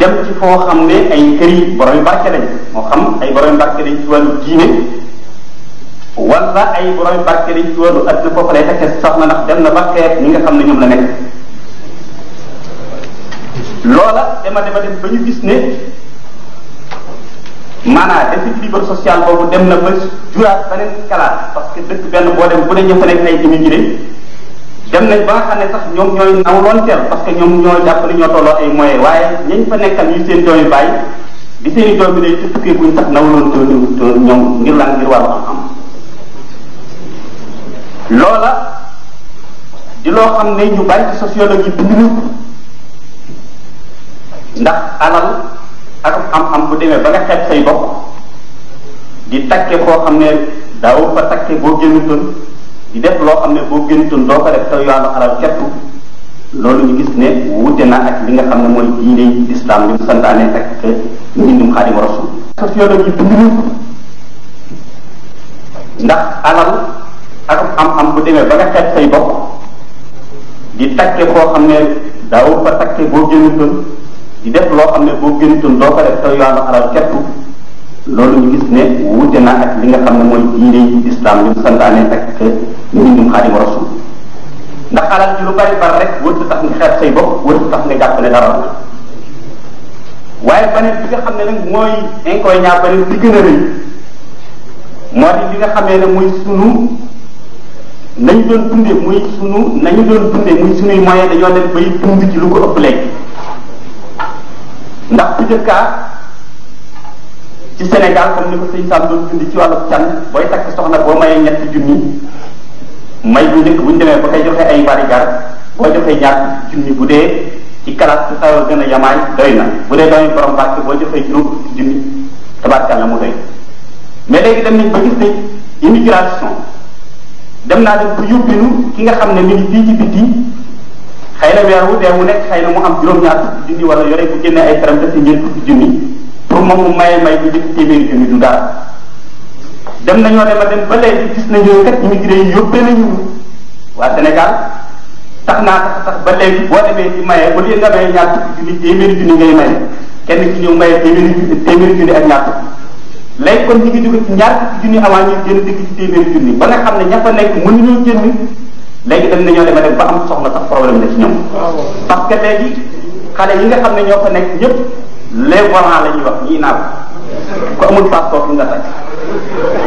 dem ci foo xam ne ay kër yi borom yu barke moo xam ay borom yu barke lañ ci wàllu diine wala ay borom yu barke lañ ci adduna foofu lay takkee soxna ndax dem na ba xeet nga xam ne ñoom la nekk loola dema dema dem ba ñu gis ne maanaam effet fibre sociale boobu dem na ba juraat beneen kalaat parce que dëkk benn boo dem bu ne ñu fa nekk ay immigré dem nañ ba nga xam ne sax ñoom ñooy nawloon teel parce que ñoom ñoo jàpp ne ñoo tolloo ay moyens waaye ñañ fa nekkal ñu seen doomi bàyyi i doom bi day tukkee buñ sax nawloon teel ñoom ngir lan ngir wàllu am-am loola di loo xam ne ñu bàyyi sociologie bind na ndax alal. ak am xam bu demee ba nga xeeb say bopp di takke koo xam ne daaw fa takke boo génnutoon di def loo xam ne boo génnutoon doo ko loolu ñu gis ne wute na ak li nga xam ne mooy diine islam li mu santaane ak mbindum xaadim rasul sociologie dund ñu bu demee ba nga xeeb say bopp koo xam ne daaw boo génnutoon di def loo xam ne boo gëntoon doo ko def te yoonu alal képp loolu ñu gis ne wute na ak li nga xam ne mooy diine islam ñu santaane ak mbindum Xaadimu Rasuul ndax alal ji lu bari bari rek wërta tax nga xeeb say bopp wërta tax nga jàpp ne dara waaye beneen bi nga xam ne nag mooy inconvénient beneen bi gën a rëy moo di li nga xamee ne muy sunu nañu doon dunde muy sunu nañu doon dunde muy sunuy moyen dañoo dem bay dund ci lu ko ndax bu jëkkaa ci Sénégal comme ni ko sëñ Sam doon dund ci wàllu can booy takk soxna boo mayee ñetti junni may bu njëkk bu ñu demee ba koy joxe ay barigar boo joxee ñaar junni bu dee ci kalaat su sawa gën a yamaay doy na bu dee doomi borom barke boo joxee juróom junni tabarkàlla mu doy mais léegi dem nañ ba gis ne immigration dem naa dem bu yóbbinu ki nga xam ne mi fii ci biti xëy na weer wu dee wu nekk xëy na mu am juróom-ñaar fukki junni wala yore bu génne ay këram def ci ñeent fukki junni pour moom mu maye may bu jëkk téeméeri junni du dem nañoo dem a dem ba léegi gis nañu kat immigré yi yóbbee nañu waa Sénégal tax naa tax tax ba léegi boo demee ci maye bu dee nga maye ñaar fukki junni téeméeri junni ngay maye kenn ci ñëw maye téeméeri junni téeméeri ak ñaar fukki léegi kon ñu ngi jóge ci ñaar fukki junni téeméeri junni ba nga xam ne ña fa nekk mënuñoo génn léegi dem nañoo dem a dem ba am soxla sax problème la ci ñoom. parce que léegi xale yi nga xam ne ñoo fa nekk ñëpp les volants la ñuy wax ñii naa ko amul passeport fi nga taj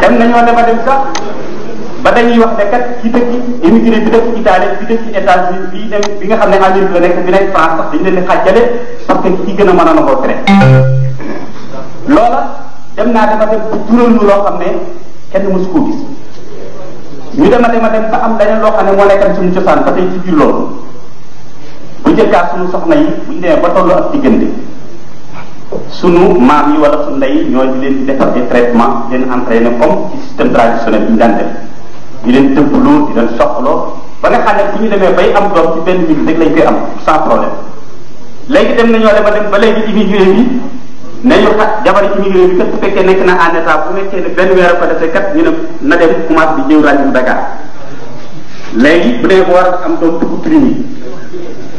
dem nañoo dem a dem sax ba dañuy wax ne kat ci dëkk immigré bi dëkk Italie bi dëkk États-Unis bi dem bi nga xam ne Amérique la nekk bi nekk France sax dañu parce que ki gën a man a nangoo traité loola dem naa dafa dem ba jural ñu loo xam ne kenn mësu koo gis. ñu dem a dem a ba am leneen loo xam ne moo nekkan suñu cosaan ba tey ci biir loolu bu njëkkaat suñu soxna yi bu ñu demee ba tollu ak diggante suñu maam yi wala suñu ndey ñoo di leen di defal traitement di leen entraîné comme ci système traditionnel bi ñu daan def di leen tëbbaloo di leen soxloo ba nga xam ne bu ñu demee bay am doom ci benn minute rek lañ koy am sans problème léegi dem nañoo dem a ba léegi immigré bi nañu xat jabar ci ñu ngi leen kat bu fekkee nekk na en état bu nekkee ne benn weer ko defee kat ñu ne na dem commencé di jëw rajo bu Dakar léegi bu dee bu war a am doom dugg prime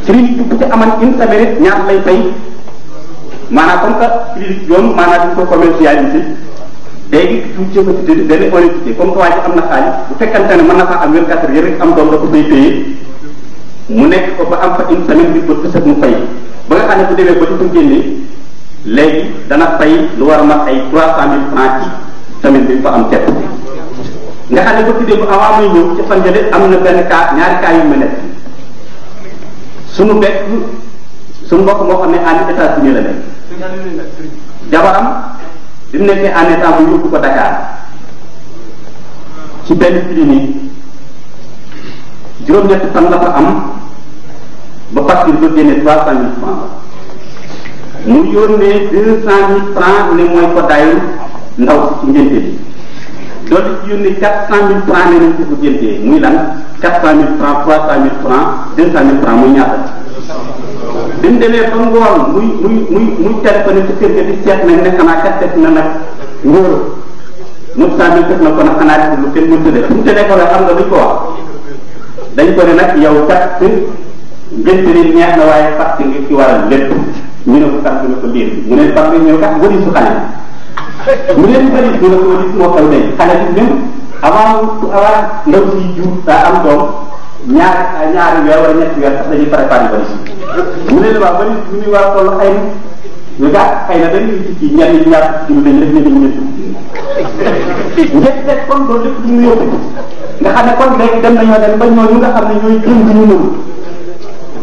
prime bi bu ci aman une semaine ñaar lay fay maanaam comme que prime yoon maanaam dañ ko commercialisé léegi du jëfandikoo benn honnêteté comme que waa ji am na xaalis bu fekkante ne mën na faa am 24 heures rek am doom da ko fay paye mu nekk ko ba am fa une semaine bi ba tësat mu fay ba nga xam ne bu demee ba léegi dana fay lu war a mat ay trois cent mille francs ci tamit bi fa am tepp nga xam ne ba tuddee bu avant muy ñëw ci fan am na benn cas ñaari kaa yu ma nekk suñu bekk suñu mbokk moo xam ne en États-Unis la nekk jabaram bi mu nekkee en état bu yóbbu ko Dakar ci benn clinique juróom-ñetti fan la fa am ba partir ba génne trois cent mille francs mu yónnee deux cent mille francs ne mooy ko ndaw si ci ngénte bi doolu ci yónnee quatre cent mille francs ne nañ ko ko jëndee muy lan quatre cent mille francs trois cent mille francs deux cent mille francs muy ñaata bi mu demee ba ngoon muy muy muy muy téléphoné ci kër ga seet nag ne xanaa kat def na nag ngóor neuf cent mille def na ko nag xanaa def mu télé ko xam nga duñ ko wax dañ ko ne nag yow kat ngénte li neex na waaye fàtte nga ci waral ñu ne ko sax ñu ne ko liir mu ne sax ñëw kat wëri su xale mu ne ko wëri ñu ne ko wëri moo koy denc xale bi même avant avant ndaw si jur daa am doom ñaar ñaari weer wala ñetti weer sax dañuy préparé wëri mu ne waaw wëri mu ne waaw toll ay ñu gàtt xëy na dañuy ci ñenn ñi ñaar ci dañ def ne dañ ñett njëkk rek kon loolu lépp ñu yóbbu nga xam ne kon léegi dem nañoo dem ba ñooñu nga xam ne ñooy jëm ñu nëbu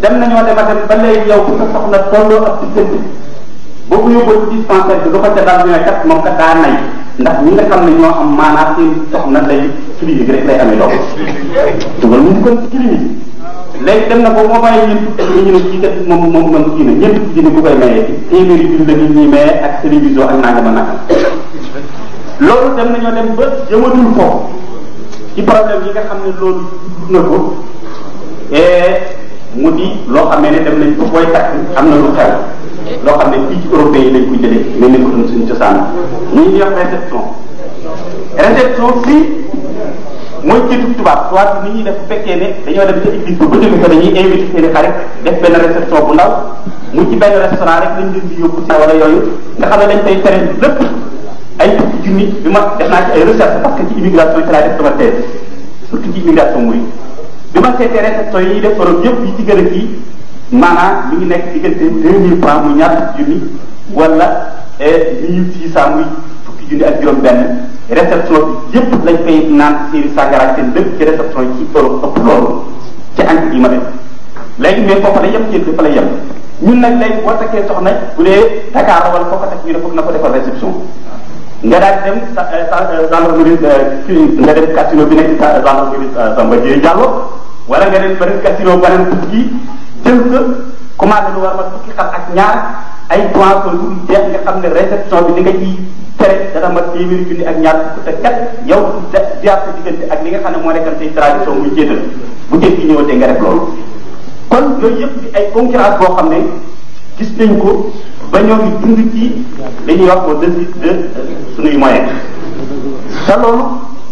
dem nañoo dem a dem ba léegi yow bu sa soxla tolloo ak diggante boo ko yóbboo ci dispensaire bi lu dal ñooy kat moom kat daa nay ndax ñi nga xam ne ñoo am maanaam seen soxna lay clinique rek lay amee doom dugal ñu kon ci clinique dem na ba moo bàyyi ñun ñu ne ci kat moom moom man kii na ñëpp ci dine bu koy mayee ci téeméeri bi la nit ñi maye ak télévision ak nangama nakam loolu dem nañoo dem ba jëmatul foofu ci problème yi nga xam ne loolu dugg na mu di loo xamee ne dem nañ ko booy takk am na lu xew loo xam ne fii ci européen yi lañ ko jëlee mais nañ ko doon suñu cosaan ñuy ñuy wax réception réception fii mooy jiitu tubaab tubaab bi ni ñuy def fekkee ne dañoo dem ca église ba ba jóge fa dañuy invité seen i xarit def benn réception bu ndaw mu ci benn restaurant rek di yóbbu yooyu nga xam ne dañ fay tere lépp ay fukki junni bi ma def naa ci ay recherche parce que ci immigration ci laa def sama thèse surtout ci immigration muy bi ma seetee réception yi ñuy def solo yëpp yi ci gën a kii maanaam mi ngi nekk diggante deux mille francs mu ñaar junni wala eh, mille six cent muy fukki junni ak juróom-benn réception bi yëpp lañ fay naan seen sàngara ak seen lépp ci réception yi ci Europe ëpp loolu ci ank yi ma dem léegi mais foofa la yem ci dafa la yem ñun nag léegi boo takkee soxna bu dee takaara wala foo ko takk ñu ne foog na ko defal réception. nga daal dem sa eh, eh, gendarmerie kii eh, nga dem casino bi nekk gendarmerie Samba Dieye Diallo wala nga dem beneen casino beneen kii jël sa commandé lu war ma fukki xam ak ñaar ay poissons yu jeex nga xam ne réception bi ni nga ciy tere dana mat téeméeri junni ak ñaar fukk te kat yow da jaar sa diggante ak li nga xam ne moo nekkal say tradition muy jéetal bu jël ci nga def loolu kon yëpp ay concurrence boo xam ne gis nañ ko. ba ñoo ngi dund ci li ñuy wax au-dessus de suñuy moyens te loolu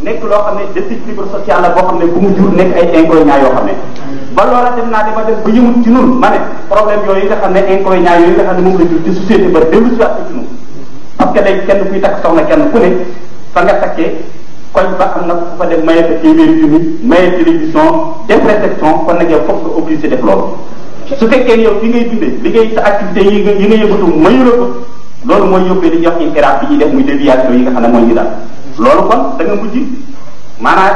nekk loo xam ne déséquilibre social la boo xam ne bu mu jur nekk ay inconvénients yoo xam ne naa ma problème yooyu nga xam ne inconvénients yooyu nga xam ne moom la jur ci société ba dellu si waat ci nun parce que léegi kenn kuy takk soxna kenn ku ne fa nga takkee koñ ba am na ku fa dem maye fa téeméeri junni maye télévision def réception kon nag yow foog def loolu su fekkee ne yow fi ngay dundee li ngay sa activité yi nga yi nga yëngatu mayu la ko loolu mooy yóbbee li ñuy wax inqiraab bi ñuy def muy déviation yi nga xam ne mooy ñu daal loolu kon da nga mujj maanaam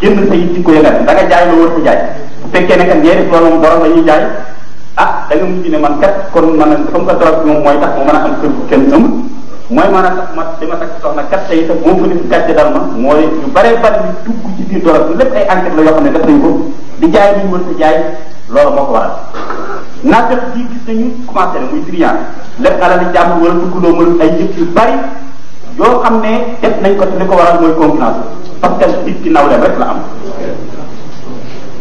génn sa yit ci koy ngan da nga jaay loo war ko jaay bu fekkee ne kat ñee def loolu moom borom la ñuy jaay ah da nga mujj ne man kat kon man comme que drogue bi moom mooy tax ma mën a am kër bu kenn amul mooy maanaam tax ma dama takk soxna kat tey itam moo ko def gàcce dal ma mooy yu bare bari yu dugg ci biir drogue bi lépp ay enquête la yoo xam ne def nañ ko di jaay li ñu war ko jaay loolu moo ko waral naafeq bii gis nañu commencé na muy triant lépp alal di jàmm wala dugg loo mën ay yëpp yu bari yoo xam ne def nañ ko te li ko waral mooy confiance parce que nit ki nawleem rek la am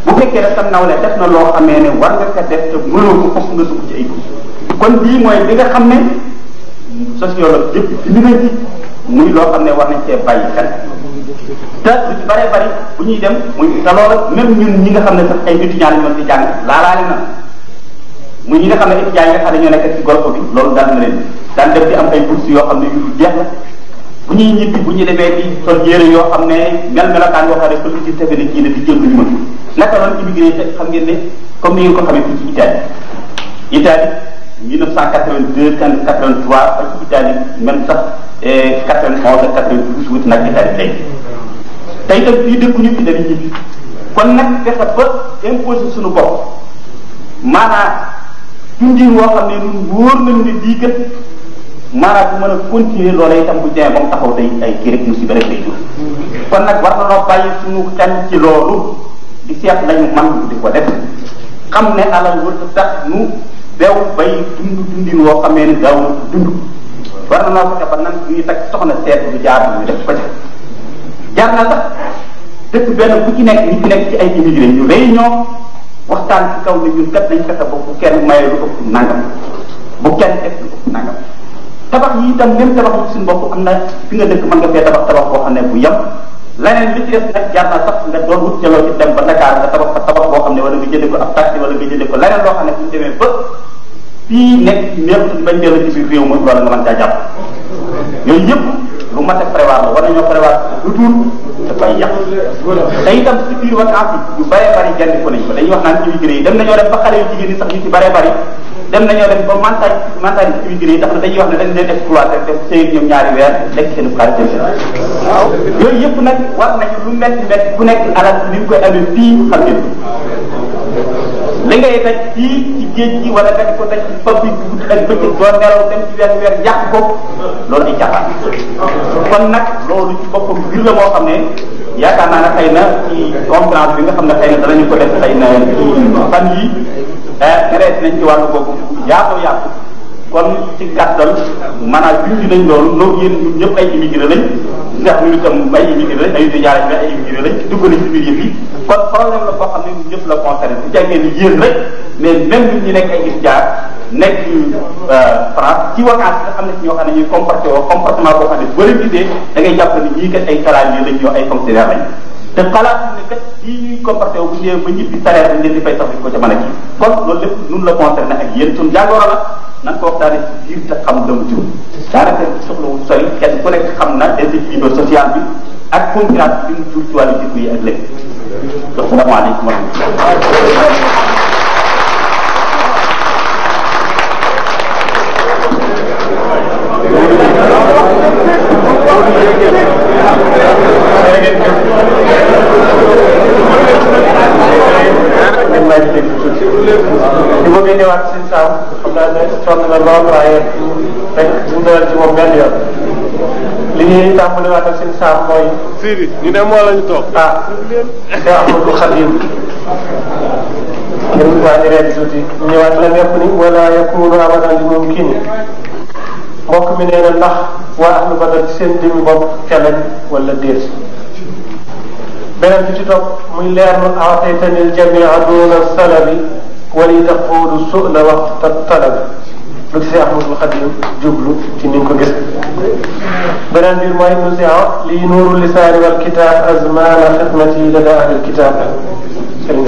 bu fekkee ne sam nawle def na loo xamee ne war nga ko def te mënoo ko fokk nga dugg ci ay kon lii mooy li nga xam ne sociologue yëpp li nañ ci muy loo xam ne war nañ cee bàyyi xel te lu ci bu ñuy dem muy te loolu même ñun ñi nga xam ne sax ay étudiants lañ doon di jàng laalaale mu ñi nga xam ne étudiants yi nga ne ñoo nekk ci golfe bi loolu daan na leen daan dem am ay bourses yoo xam ne yu jeex la bu ñuy ñibbi bu ñuy demee di sol yére yoo xam ne mel melakaan yoo xam ne solu ci tefe ne kii ne di jël luñu mën naka noonu immigré xam ngeen ne comme ni ngeen ko xamee fii ci Italie Italie 1982 83 ba ci Italie même sax 91 ak 92 wut nag Italie léegi tey tam fii dëkkuñu fi dañuy ñibbi kon nag fexe ba imposé suñu bopp maanaam dundin woo xam ne ñun wóor nañu ne bii kat maanaam bu mën a continuer loola itam bu demee ba mu taxaw day ay kii rek musiba rek lay jur kon nag war na noo bàyyi suñu xel ci loolu di seet lañu man di ko def xam ne alal wërta tax nu bew bay dund dundin woo xamee ne daaw dund war na noo fexe ba nan ñuy tag soxna seet lu jaar ñu def ko ca jaar na sax dëkk benn bu ci nekk ñi ci nekk ci ay immigré ñu réunion waxtaan ci kaw ne ñun kat nañ fexe ba bu kenn maye lu ëpp nangam bu kenn def lu ëpp nangam tabax yi itam même tabax yi suñu bopp am na fi nga dëkk mën nga fee tabax tabax boo xam ne bu yem leneen li ci des nag jaar na sax nga doon wut ca loo ci dem ba Dakar nga tabax fa tabax boo xam ne wala nga jëndee ko ab taxi wala nga jëndee ko leneen loo xam ne bu ñu demee ba fii nekk ñëpp bañ delloo ci biir réew mi wala nga mën caa jàpp yooyu yëpp lu mat a prévoir la war nañoo prévoir retour dafay yàq te itam si biir vacances yi yu bëree bëri jënd ko nañ ko dañuy wax naan immigré yi dem nañoo dem ba xale yu jigéen ñi sax ñu ci bëree bëri dem nañoo dem ba mental mental immigré yi tax na dañuy wax ne dañ leen exploité def seen ñoom ñaari weer lekk seen xaalis seen waaw yooyu yëpp nag war nañu lu metti metti ku nekk alal ni ñu koy amee fii xam ngeen li ngay daj fii ci géej gi wala nga di ko daj ci pab yi guddi ak bëccëg doo nelaw dem ci weer weer yàq ko loolu di caaxaan kon nag loolu ci boppam mbir la moo xam ne yaakaar naa ne xëy na ci conférence bi nga xam ne xëy na danañu ko def xëy na ci fan yi eh, rees nañ ci wàllu boobu yaatoo yaatu kon ci gàttal maanaam junj nañ loolu noo yéen ñun ñëpp ay immigré lañ ndax ñu itam ay immigré lañ ay étudiants lañ ay immigré lañ dugg nañ ci biir yëf yi kon problème la boo xam ne ñun ñëpp la concerné bu jàngee ni yéen rek mais même ñi nekk ay étudiants nekk euh, France ci vacances am na ci xam ne ñuy comporté woo comportement boo xam ne boo leen da ngay jàpp ni ñii ay salariés lañ ñoo ay fonctionnaires lañ te xalaat ne kat lii ñuy comporté wu bu ñëwee ba ñibbi salaire bi ngeen di fay sax ko ca a kii kon loolu lépp nun la concerné ak yéen suñu jàngoro la nan ko waxtaane ci biir te xam la mu jur daanaka soxlawul sori kenn ku nekk xam na déséquilibre social bi ak concurrence bi mu jur ci ak lépp naa ci dégg tuuti ñu bëgg a ñëwaat si saam xam naa ne sonn na lool waaye rek ñu dalal ci moom benn yoon li ñuy tàmbaliwaat ak seen saam mooy. Sidi ñu ne moo la ñu toog. ah Cheikh Ahmadou Khadim ngeen waa ñu reet tuuti ñëwaat la nekk ni wala yakunu abadan li moom kii ni mbokk mi nee na ndax waa ahlu badar ci seen jëmmi bopp ca lañ wala déet. beneen bi ci topp muy leer na aataytanil jamia duuna salabi wali taquudu su'la waxta talabi lu ci Seex Ahmadul Xadim jublu ci ni nga ko gis beneen biir mooy nusia lii nuuru lisaani wal kitaab azmaana xidmati lada ahlil kitaab Sëriñ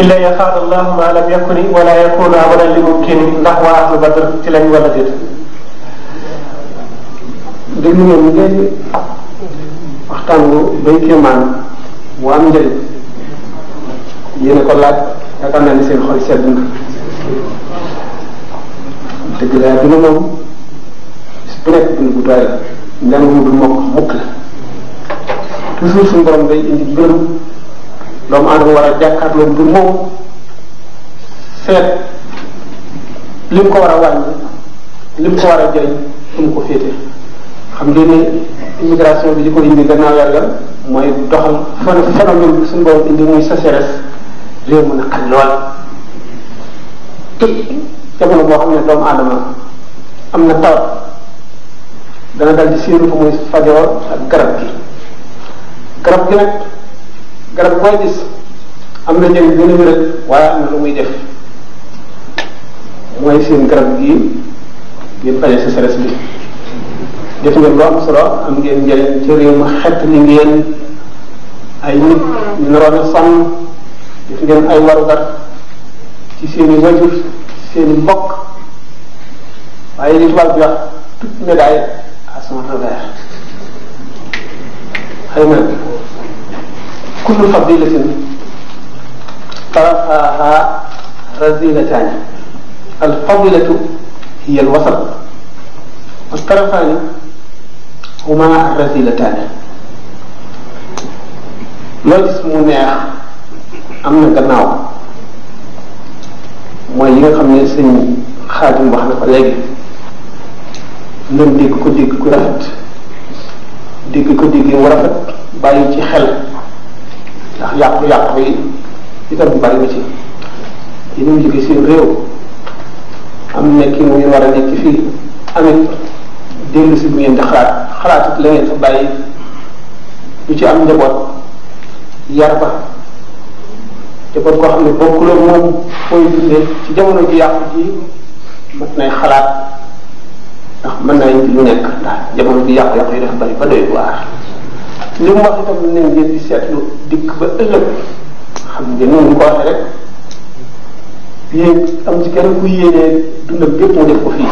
illa yaxaar allahu ma lam yakuni wala yakunu abadan li mumkin ndax waa ahlu badr ci lañ wala déet déglu ngeen ñu léegi waxtaan bu day kéemaan bu am njëriñ yéen ko laaj yaakaar naa ni seen xol sedd na dëgg laa dina moom bis bu nekk dund bu doy la njàng mu dul mokk mukk la toujours suñu borom day indi gënu doomu aadama war a jàkkaarloo mbir moom seet li mu ko war a wàññi li mu ko war a jëriñ fu mu ko féete xam ngeen immigration bi li ko indi gannaaw yàlla mooy doxal phénomène phénomène bi suñu borom indi muy sécheresse réew mu naqar lool te jamono boo xam ne doomu aadama am na tawat dana dal di séenu ko muy fajoo ak garab gi garab gi nag garab am na njëriñ gën waaye am na lu muy def mooy seen garab gii ngeen fajee sa stress bi def ngeen lu am solo am ngeen njëriñ ci réew ma xet li ngeen ay nit ñu naroon a sàmm def ngeen ay warugar ci seen i wajur seen i mbokk waaye li tubaab bi wax toute médaille à son revers xëy na kullu fadilatin tarafaha razilataani al fadilatu hiya al wasat والطرفان هما الرذيلتان loo gis mu neex am na gannaaw mooy yi nga xam ne sëñ Xaadim wax na ko léegi nan dégg ko dégg ku rafet dégg ko dégg mu rafet bàyyi ci xel ndax yàqu yàqu yi itam bari na ci yi ñuy jóge seen réew am nekki mu ngeen war a nekk fii amit dellu si bu di xalaat xalaat la ngeen fa bàyyi du ci am njaboot yar ba njaboot koo xam ne bokkuloo moom fooy dundee ci jamono ji yàqu ji mën nay xalaat ndax mën naa indi lu nekk ndax jamono ji yàqu-yàqu yi dafa bari ba doy waar li mu wax itam ne ngeen di seetlu dikk ba ëllëg xam nga noonu ko waxee rek yéen am ci kenn ku yéenee dundam bépp def ko fii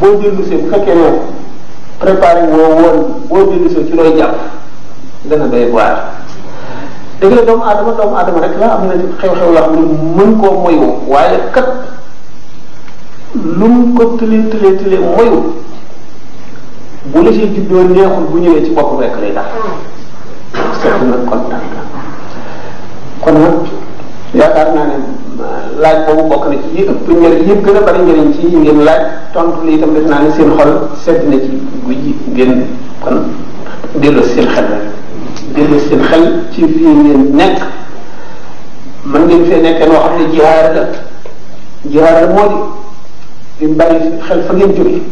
boo dellu see bu fekkee ne préparé woo woon boo dellu ci looy jàpp dana doy waar dëgg doomu aadama doomu aadama rek la am na xew-xew yoo xam ne mën koo moyu waaye kat lu mu ko tëlee tëlee tëlee moyu bu la si juddoo neexul bu ñëwee ci bopp rek lay tax seetlu nga kontaan kon nag yaakaar naa ne laaj boobu bokk na ci yi ëpp njëriñ yëpp gën a bari njëriñ ci yi ngeen laaj tontu li itam naa ne seen xol sedd na ci guy yi ngeen kon delloo seen xel rek delloo seen xel ci fii ngeen nekk mën ngeen fee nekkee noo xam ne jihaar la jihaar la moo di di bàyyi xel fa ngeen jógee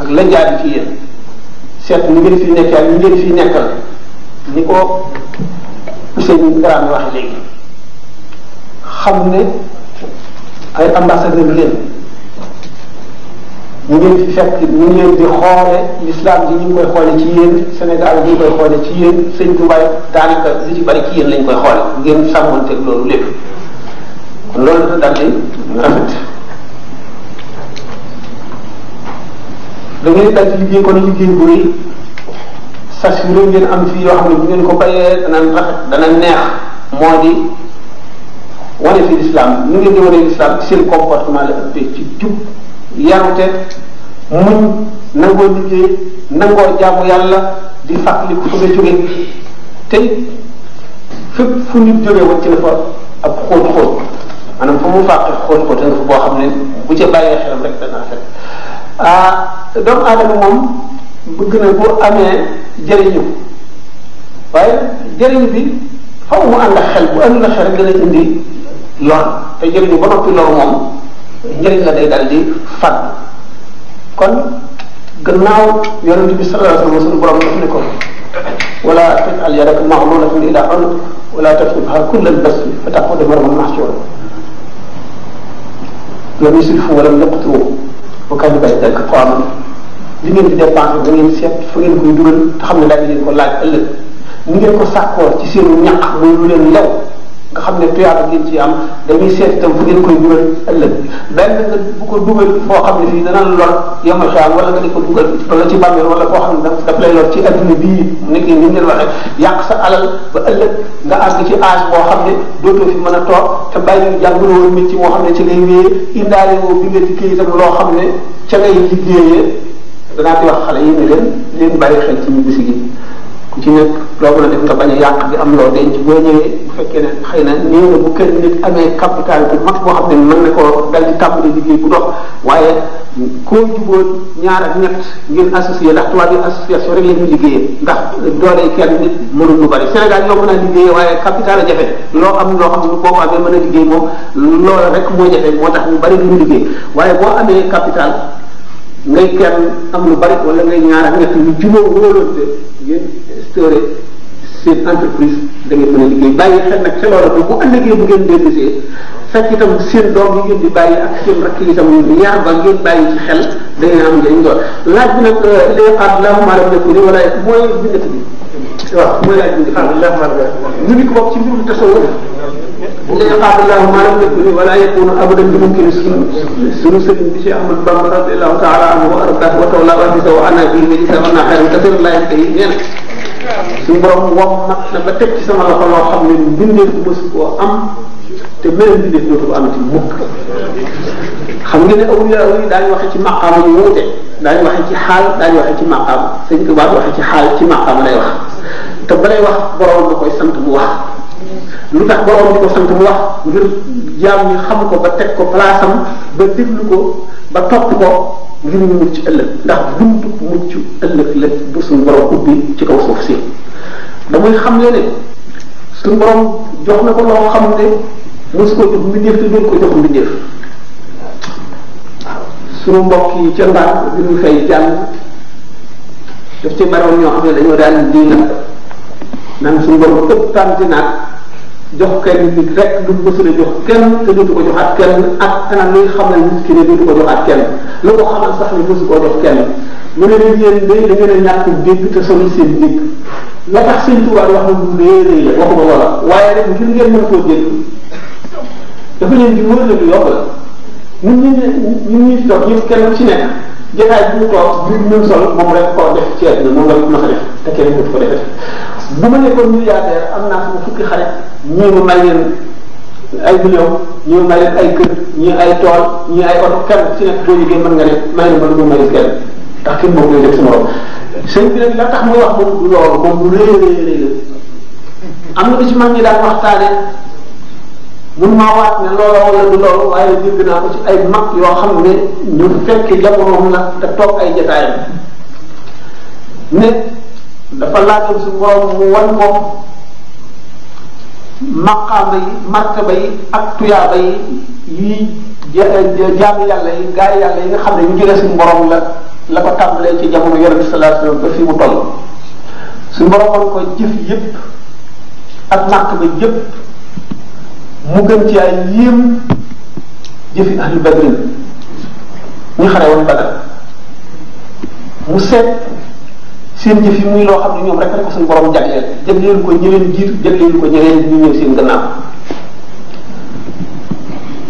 ak la jaar ci yéen seet ni ngeen fi nekk ak ni ngeen fi nekkal ni ko sëñ Dramé wax léegi xam ne ay ambassadeur leen ñu ngeen fi fekk ñu ngeen di xoole l'islam bi ñu koy xoole ci yéen Sénégal ñu ngi koy xoole ci yéen sëñ Touba daanaka li ci bari ci yéen lañ koy xoole ngeen sàmmanteeg loolu lépp loolu dafa daal rafet da ngeen dal ci liggéey kon liggéey bu rëy sas yu rëy ngeen am fii yoo xam ne bu ngeen ko bayee dana rafet dana neex moo di wane fi lislaam nu ngeen di wane lislaam seen comportement la ëppee ci jub yarute muñ nangoo liggéey nangoo jaamu yàlla di fàttaliku fu tey fépp fu nit jógee wacc na fa ab xóot xóot maanaam fu mu fàqe xóot xóot nga fa boo xam ne bu ca bàyyee xel rek dana fekk ah, doomu aadama moom bëgg na bu amee jëriñu waaye jëriñ bi faw mu ànd xel bu am ak xel indi lor te jëriñu ba noppi lor moom njëriñ la day dal di fàdd kon gannaaw yonente bi sallallahu alayhi wa sallam suñu borom daf ko wala tajal yadaka maghlulatan ila unuq wala tabsutha kullal basti fa taquda marhan mahjura lam yusrifu wa lam yaqtur bu kañ bañ dëkk ko li ngeen di dépensé da ngeen seet fu ngeen koy dugal te xam ne daañu leen ko laaj ëllëg ni ngeen ko sàkkoor ci seenu ñaq muy lu leen nga xam ne tuyaaba ngeen ci am dañuy seet itam fu ngeen koy dugal ëllëg nga bu ko dugal foo xam ne fii dana lor yomal xaam wala nga di ko dugal wala ci bàmmeel wala koo xam ne daf lay lor ci adduna bii nekk ni ngeen a yàq sa alal ba ëllëg nga àgg ci âge boo xam ne dootoo fi mën a toog te bàyyi jàngul woon métti moo xam ne ci ngay wéyee indaale woo bi nga di kii itam loo xam ne ca ngay liggéeyee danaa di wax xale yi ne leen leen bàyyi xel ci ñu bisi gi ci nekk loo mën a def nga bañ a yàq bi am loo denc boo ñëwee bu fekkee ne xëy na néew na bu kenn nit amee capital bu mat boo xam ne mën na koo dal di tàmbali liggéey bu dox waaye koo jubóon ñaar ak ñett ngeen associé ndax tubaab yi association rek la ñuy liggéeyee ndax doole kenn nit mënul lu bari Sénégal yoo mën a liggéeyee waaye capital a jafe loo am loo xam ne boo ko amee mën a liggéey moom loola rek moo jafe moo tax ñu bari duñu liggéey waaye boo amee capital ngay kenn am lu bari wala ngay ñaar ak ñett ñu jubóo wóolante ngeen instauré seen entreprise da ngeen mën a liggéey bàyyi xel nag a loola bu ëllëgee bu ngeen dellisee fekk itam seen doom yi ngeen di bàyyi ak seen rakk yi itam yar ba ngeen bàyyi xel da ngeen am njëriñ lool laaj bi nag léegi xaar laa maa def ni wala mooy bindati bi waaw mooy laaj bi di xaar ah, laa maa def ñu ngi ko bokk ci mbirum tasawuf li yaqaat allahu ma lam yakun wala yakunu abadan bi mumkin sunu sëriñ bi Cheikh Ahmad Bamba radiallahu taala anhu wa ardah wa tawla wa bisa wa ana bi midi sama naa xayran kasir laa yante yi nee na suñu borom wom mat na ba teg ci sama loxo loo xam ne mbindeef mës koo am te mel mbindeef dootu ko amati mukk xam nga ne awliya yi daañu waxe ci maqaama yu wuute daañu waxe ci xaal daañu waxe ci maqaama sëñ Tuubaa waxe ci xaal ci maqaama lay wax te balay wax borom da koy sant mu wax lu tax borom bi ko sant mu wax ngir jaam ñi xam ko ba teg ko palaasam ba déglu ko ba topp ko ngir ñu mucc ëllëg ndax buntu mucc ëllëg la bu suñu ubbi ci kaw suuf si damay xam le ne suñu jox na ko loo xam ne su koo jox mbindeef te doon ko jox mbindeef waaw suñu mbokk yi ca mbaar bi ñu fay jàng daf ci baroon ñoo xam ne dañoo daan diina naan suñu borom ëpp tànti naag jox kenn nit rek du mësula jox kenn te dootu ko joxaat kenn ak anam li nga xam ne nit ki ne dootu ko joxaat kenn la ko xamal sax ne mësu koo jox kenn mu ne leen yéen day da ngeen a ñàkk dégg te sori seen dégg la tax sëñ Tuubaa wax na lu rëy rëy la waxuma wala waaye rek ngir ngeen mën koo dégg dafa leen di wër la lu yokk la ñun ñu ñun ñu fi toog yëpp kenn ku ci nekk jotaay bu mu toog bu mu sol moom rek koo def ceeb na moom rek mën a te kenn dootu ko defee bu ma nekkoon milliardaire am naa sama fukki xarit ñu mu may leen ay millions ñii mu may leen ay kër ñii ay tool ñii ay oto kenn ci nekk doo liggéey mën nga na mën nga may kenn ndax si morom la tax muy wax moom loolu moom lu rëy am na ci mag ñi daan waxtaane mun maa waat ne looloo wala du loolu waaye dégg naa ko ci ay mag yoo xam ne ñu fekk jamonoom la te toog ay jotaayam ne dafa laajal si borom mu wan ko maqaama yi martaba yi ak tuyaaba yi yi yàlla yi gaa yàlla yi nga xam ne ñu jëlee suñu borom la la ko tàmbalee ci jamono yonent bi sallallahu alayhi wasallam ba fi mu toll suñu ko jëf yépp ak martaba yépp mu gën ci ay yéem jëfi ahlu badrin ñu xare woon mu seet seen jëf yi muy loo xam ne ñoom rek rek ko suñu borom jagleel jël leen ko ñeneen jiitu leen ko ñeneen ñu ñëw seen gannaaw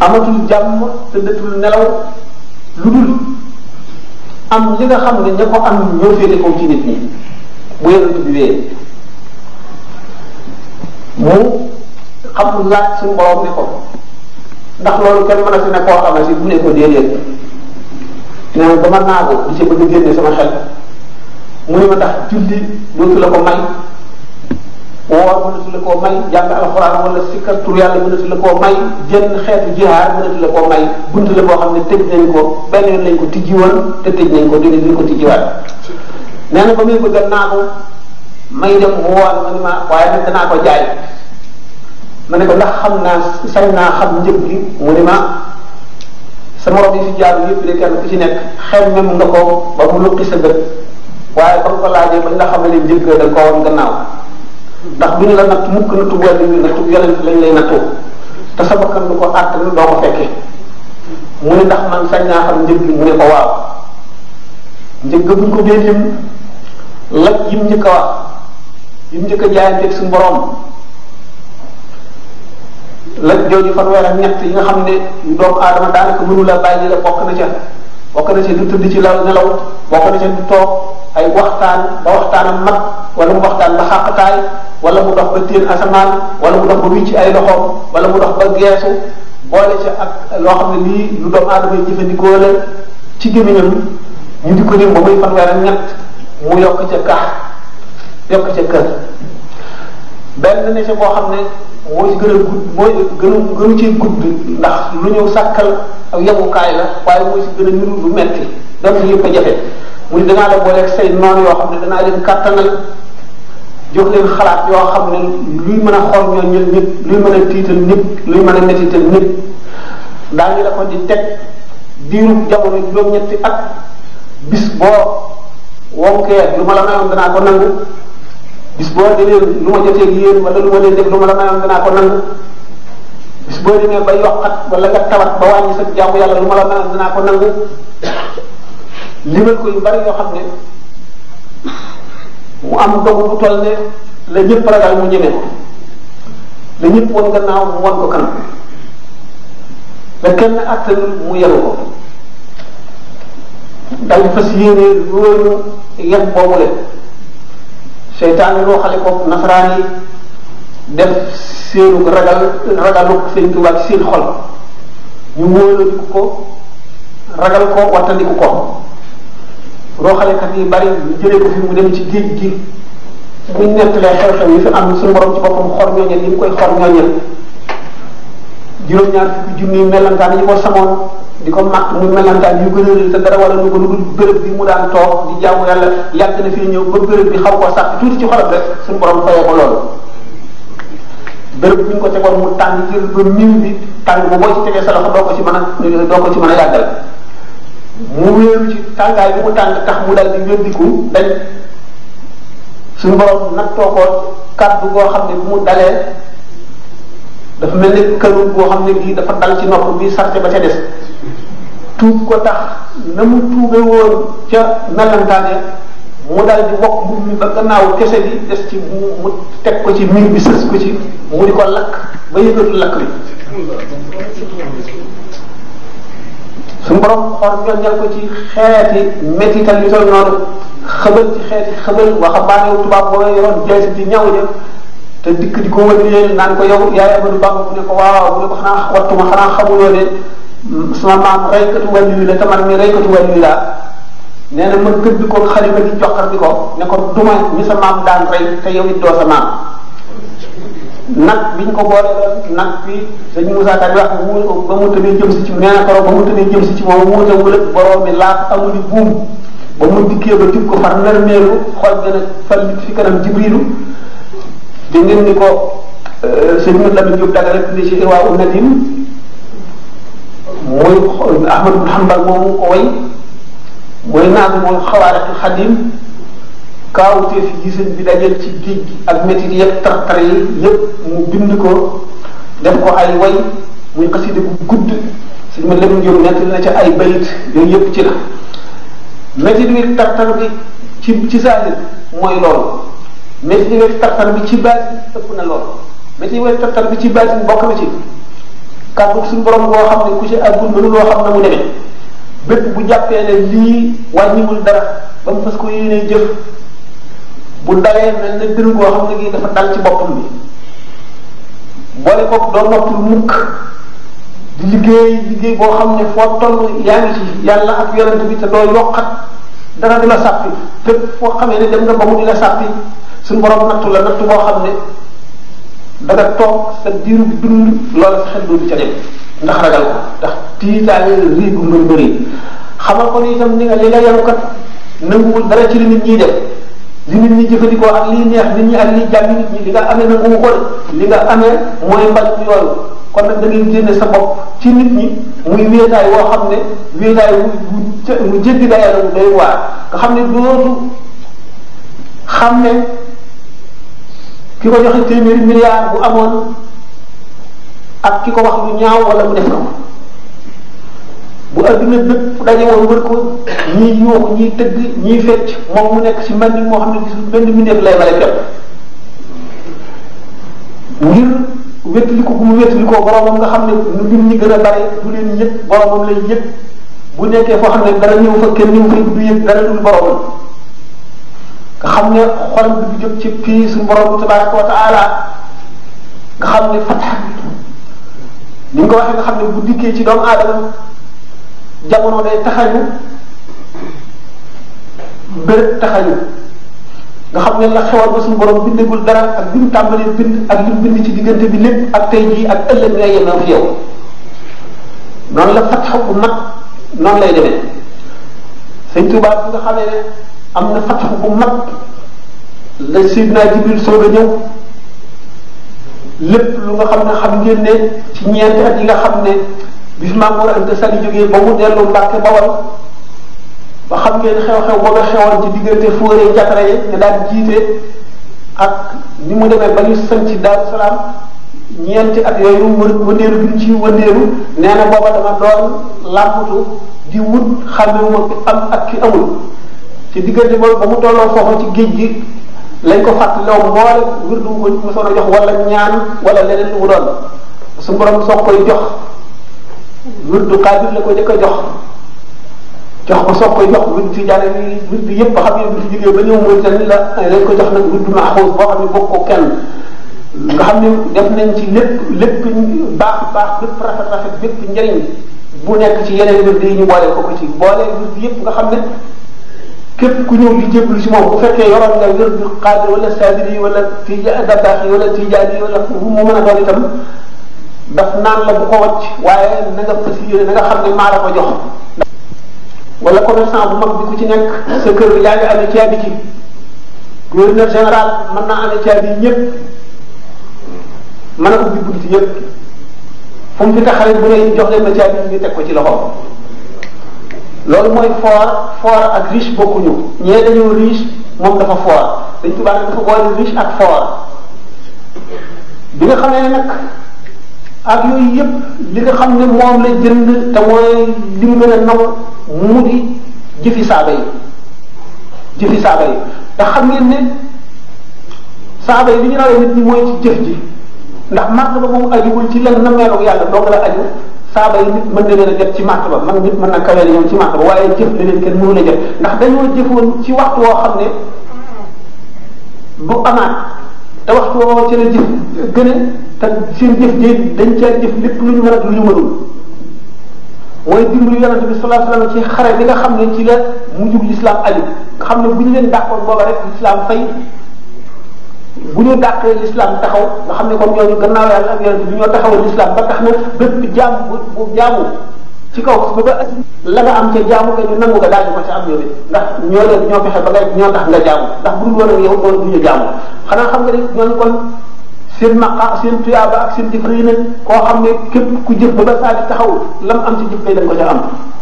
amatul jàmm te nelaw lu dul am li nga xam ne ña ko am ñoo féete kaw ci nit ñi bu yenent bi wee mu xamul laaj suñu borom ne ko ndax loolu kenn mën a fi ne koo xam ne si bu ne ko déedéet nee na dama naagu di ci bëgg génne sama xel mu ne ma ndax julli mënatu la ko may woor mënatu la koo yàlla mënatu la koo may jënn xeetu jihaar mënatu la koo may bunt la boo xam ne tëj nañ ko benn yoon lañ ko tijji woon te tëj nañ ko dégg duñ ko tijjiwaat muy bëgg naa ko may dem woor ma ni ma waaye nag danaa ko jaay ma ne ko ndax xam naa sañ naa xam njëg gi mu ne ma sa morom yi fi jaar yëpp de kenn ku ci nekk xel même nga ko ba mu luqi sa waaye ba nga ko laajee bañ la xamee ne njëkk da nga ko woon gannaaw ndax duñ la natt mukk nattu wàllu bi nattu yonent lañ lay ne ndax man sañ naa xam njëg ko waaw njëg buñ ko dee lim laj yim njëkk a wax yim njëkk a jaayanteeg suñu borom laj jooju fanweer ak ñett yi nga xam ne yu doomu aadama daanaka mënu la bàyyi la bokk na ca bokk na ca du tëdd ci la nelaw bokk na ca du toog ay waxtaan ba waxtaanam mag wala mu waxtaan ba xàqtaay wala mu dox ba téen asamaan wala mu dox ba wicc ay loxoom wala mu dox ba geesu boole ci ak loo xam ne lii lu doomu aadama yi jëfandikoo la ci gémmiñam ñu di ko lim ba muy fanweer ak ñett mu yokk ca kax yokk ca kër benn ne ci boo xam ne mooy ci gën a gudd mooy gënu gënu ci gudd ndax lu ñu sàkkal ak yemukaay la waaye moo ci gën a niru lu metti donc yëpp a jafe mu ne danaa la booleeg say noon yoo xam ne danaa leen kattanal jox leen xalaat yoo xam ne luy mën a xool ñoo ñëpp ñëpp luy mën a tiital ñëpp luy mën a mettital ñëpp daa ngi la ko di teg diiru jamono juróom-ñetti at bis boo wonkee lu ma la mayoon danaa ko nangu bis boo demee la mayoon danaa ko nangu boo demee ba yokkat wala nga tawat ba wàññi sa jaamu yàlla lu ma la mayoon danaa ko nangu limal ko yu bari yoo xam ne mu am dogu bu toll ne la ñëpp ragal mu ñeme ko la ñëpp woon gannaaw mu won ko kanam la kenn attanul mu yelu ko dal fas yéene loo xale ko nasaraan yi def seenu ragal ragaluk seen tubaab seen xol ñu wóoladiku ko ragal ko wattandiku ko rooxalekat yi bari ñu jëlee ko fi mu dem ci géej gi buñ nettalee xew-xew yi fi am suñu borom ci boppam xor ñooñal yi mu koy xor ñooñal juróom-ñaar fukki junni melantaan yi ko samoon di ko mag mu melantaan a wala lu ko lu bërëb mu daan toog di jaamu yàlla yàgg na fii ñëw ba bërëb bi xaw koo sàkk tuuti ci xolam rek suñu borom fayee ko loolu bërëb ñu ko tegoon mu tàng jël ba miin bi tàng bu boo ci tegee sa loxo ko ci mën a doo ko ci mën a yàggal mu wéeru ci tàngaay bi mu tàng tax mu dal di wéddiku dañ suñu borom nag tookoo kàddu goo xam ne bu mu dalee dafa mel ni këru goo xam ne bii dafa dal ci nopp bi sarte ba ca des tuub ko tax na mu tuube woon ca mellantaane mu dal di bokk mbub mi ba gannaaw kese bi des ci mu mu teg ko ci miir bi sës ko ci mu di ko lakk ba yëngatu lakk bi suñu borom xor ñoom ko ci xeeti métital yu toll noonu xëbal ci xeeti xëbal waxambaane tubaab boo yoroon jeexit di ñaw ja te ko wër leen naan ko yow yaay Amadou Bamba mu ne ko waaw mu ne ko xanaa wattuma xanaa xamuloo ne sama maam reykatu wàllu la te man mi reykatu wàllu laa nee na ma gëdd ko xalima di joxar di ko ne ko duma mi sa maam daan rey te yow it doo sa maam nag biñ ko boolee nag bi sëñ Moussa Ka di wax wuu ba mu ci nee na ko ba mu tënee jëm si ci moom wuute wu lépp borom bi laaf amul buum ba mu dikkee ba jub ko far nërmeelu xool gën a fal fi kanam jibrilu di ngeen ni ko euh, sëñ Moussa Lamine Diop daga rek ni si waa ummatin mooy Ahmad bin Hanbal moomu ko way mooy naag mooy xawaaratul xadim kaawuteef yi sëñ bi dajal ci géej gi ak métit yëpp tartar yi yëpp mu bind ko def ko ay way muy xasida bu gudd sëñ ma lem njóom nekk na ci ay bayit yooyu yëpp ci la métit bi tartar bi ci ci saali mooy loolu métit bi tartar bi ci baatin ëpp na loolu métit bi tartar bi ci baatin bokk na ci kàddu suñu borom boo xam ne ku ci àggul mënu loo xam ne mu demee bépp bu jàppee ne lii wàññiwul dara ba mu fas ko yéenee jëf bu dawee mel ne dër goo xam ne gi dafa dal ci boppam bi boole ko doo noppul mukk di liggéey liggéey boo xam ne foo toll yaa ngi ci yàlla ak yonent bi te doo yokkat dara du la sàppi fépp foo xamee ne la sàppi boo xam ne danga toog sa diiru bi dund loola sa xel doodu ca dem ndax ragal ko ndax tiitaale rii bu mbër bëri xamal ko ni itam ni nga li nga yarukat nanguwul dara ci li nit def li nit ñi jëfandikoo ak liy neex nit ñi ak liy jàmm nit ñi li nga amee nangu ko li nga amee mooy mbal yooyu kon nag da ngay génne sa bopp ci nit ñi muy wéetaay woo xam ne wéetaay wu mu jéggi dayoo la day waa nga xam ne dootu xam ne ki ko joxe téeméeri milliard bu amoon ak ki ko wax lu ñaaw wala mu def ko. bu adduna bépp daje woon wër ko ñiy yuux tëgg ñiy fecc moom mu nekk si mbanni moo xam ne gisul benn mi nekk lay bale ko bu mu wétali ko boromam nga xam ne lim ñi gën a bare bu leen yëg boromam lay yëg bu nekkee foo xam ne dara ñëw fa kenn ñëw fa du yëg dara dul boromam nga xam ne xolam bi du ci fii suñu borom tabaraka wa nga xam ne fatax ni nga waxee nga xam ne bu dikkee ci doomu aadama jamono day taxañu bërëb taxañu nga xam ne la xewal ba suñu borom bindagul dara ak bi mu bind ak li bind ci diggante bi lépp ak tey jii ak ëllëg ngay yem ak yow noonu la fatxa bu mag noonu lay demee sëñ Tuubaa bi nga xam ne am na fatxa bu mag la Seydina Jibril soog a ñëw lépp lu nga xam ne xam ngeen ci ñeenti at yi nga xam ne bis maam Mor Anta Sali jógee ba mu dellu Mbàkke Bawol ba xam ngeen xew-xew ba nga xewoon ci diggante Fóore Jatara yi nga daan jiite ak ni mu demee ba ñu sanc Daaru Salaam ñeenti at yooyu wëndeelu bi ci wëndeelu nee na booba dama doon làmbatu di wut xamewuma ki am ak ki amul ci diggante boobu ba mu tolloo foofu ci géej gi lañ ko fàttaloo mboole wirdu ko mu soon jox wala ñaan wala leneen lu mu doon su borom soog koy jox wirdu xaadir la lekk njëkk jox jox ko soog ko jox wirdu ci jaare ni wirdu yëpp ba xam ne bu fi jógee ba ñëw mooy tamit la dañ ko jox nag wirdu maaxuus boo xam ne bokk ko kenn nga xam ne def nañ ci lépp lépp baax baax lépp rafet rafet bépp njëriñ bu nekk ci yeneen wirdu yi ñu boole ko ko ci boole wirdu yëpp nga xam ne képp ku ñëw di jéblu si moom bu fekkee yoroon nga wirdu xaadir wala saadiri wala tijaan dabaax yi wala tijaan yi wala mu mën a doon itam daf naan la bu ko wàcc waaye na nga fas na xam ne maa la ko jox wala commerçant bu mag bi ku ci nekk sa kër yaa ngi amee caabi ci gouverneur général mën naa amee caabi ñëpp mën a ubbi bunti ñëpp fu mu bu ne jox leen ma caabi ñu teg ko ci loxo loolu mooy foor foor ak riche bokkuñu ñee dañoo riche moom dafa foor dañ tubaab dafa boole riche ak foor bi nga xamee ne nag ak yooyu yëpp li nga xam ne moom la jënd te mooy li mu gën a naw mu di jëfi saaba yi jëfi saaba yi te xam ngeen ne saaba yi li ñu rawee nit ñi mooy ci jëf ji ndax màtt ba moom ajuwul ci lenn na meelu yàlla dong la aju saaba yi nit mën na leen a jot ci màtt ba man nit mën na kaweel ñoom ci màtt ba waaye jëf la leen kenn mënu la jot ndax dañoo jëfoon ci waxtu woo xam ne bu amaat te waxtu woo ci la jëf gën a te seen jëf ji dañ cee jëf lépp lu ñu war ak lu ñu mënul waaye dimbali yonente bi sallallahu alayhi wasallam ci xare bi nga xam ne ci la mujjug lislaam ali nga xam ne bu ñu leen dàqoon booba rek lislaam fay bu ñu dàqee lislaam taxaw nga xam ne kon ñooñu gannaaw yàlla ak yonente bi ñoo taxawal lislaam ba tax na bépp jaam bu jaamu ci kaw ba la nga am ca jaamu nga ñu nangu ko daal di ko ca am ñoo leen ñoo fexe ba ngay ñoo tax nga jaamu ndax bu dul jaamu xanaa xam nga ne ñooñu kon seen maqa seen tuyaaba ak seen jëf rëy na koo xam ne képp ku jëf ba ba saa di taxaw lam am ci jëf kay da ko ca am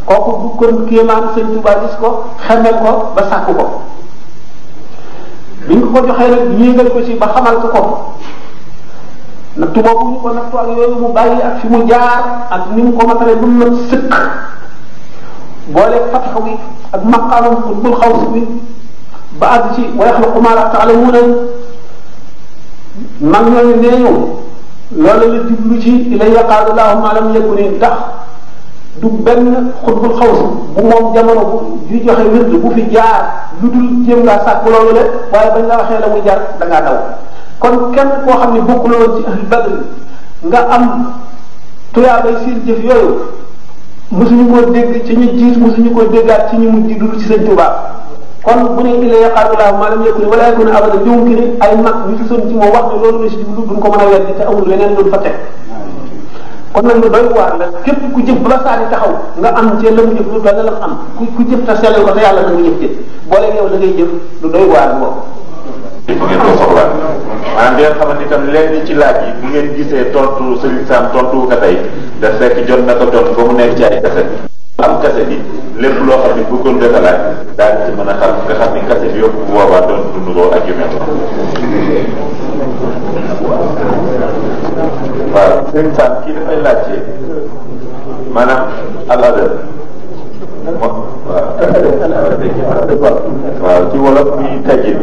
kooku bu kon kéemaan sëñ Tuubaa gis ko xeme ko ba sàkk ko bi ñu ko ko ci ba xamal ko ko nattu boobu ñu ko nattu ak yooyu mu bàyyi ak fi mu jaar ak ni mu ko matale bu mu mat sëkk boole fatx bi ak maqaamam xutbul xaws bi ba àgg ci wa yaxluqu maa laa ta'lamuun man ñooñu nee ñu loolu la jublu ci ilayya qaala allahu ma lam yakuni ndax du benn xutbul xawsu bu moom jamono bu di joxe wird bu fi jaar lu dul jéem ngaa sàkk loolu le waaye bañ la waxee la muy jaar da daw kon kenn koo xam ne bokkuloo woon ci ahli badr nga am tuyaabay seen jëf yooyu mosuñu koo dégg ci ñu jiis mosuñu koo déggaat ci ñu mujj dund ci sëñ Tuubaa kon bu ne illa yaqaal ulaa maa lam yakun wala yakun abada li yumkin ay mag ñu gisoon ci moom wax ne loolu la si jublu duñ ko mën a weddi te amul leneen loolu fa kon nag lu doy waar la képp ku jëf bu la saani taxaw nga am cee la mu la am ku ku jëf te sellal ko te yàlla na nga jëf jëf boole yow lu doy waar boobu di ko ngeen ko soxla ci laaj yi bu ngeen gisee tontu Serigne Sam tontu ko tey da fekk jot na ko tontu ba mu nekk ci ay kaset am kase bi lépp loo xam ne bëggoon nga ko laaj daal ci mën a xam nga xam ne kase bi yëpp bu boobaa doon dund ko ak yu mel noonu. waaw sëñ Sane kii dafay laajte maanaam alader moom waaw. waaw ci wolof muy tajjil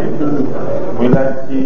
muy laaj ci.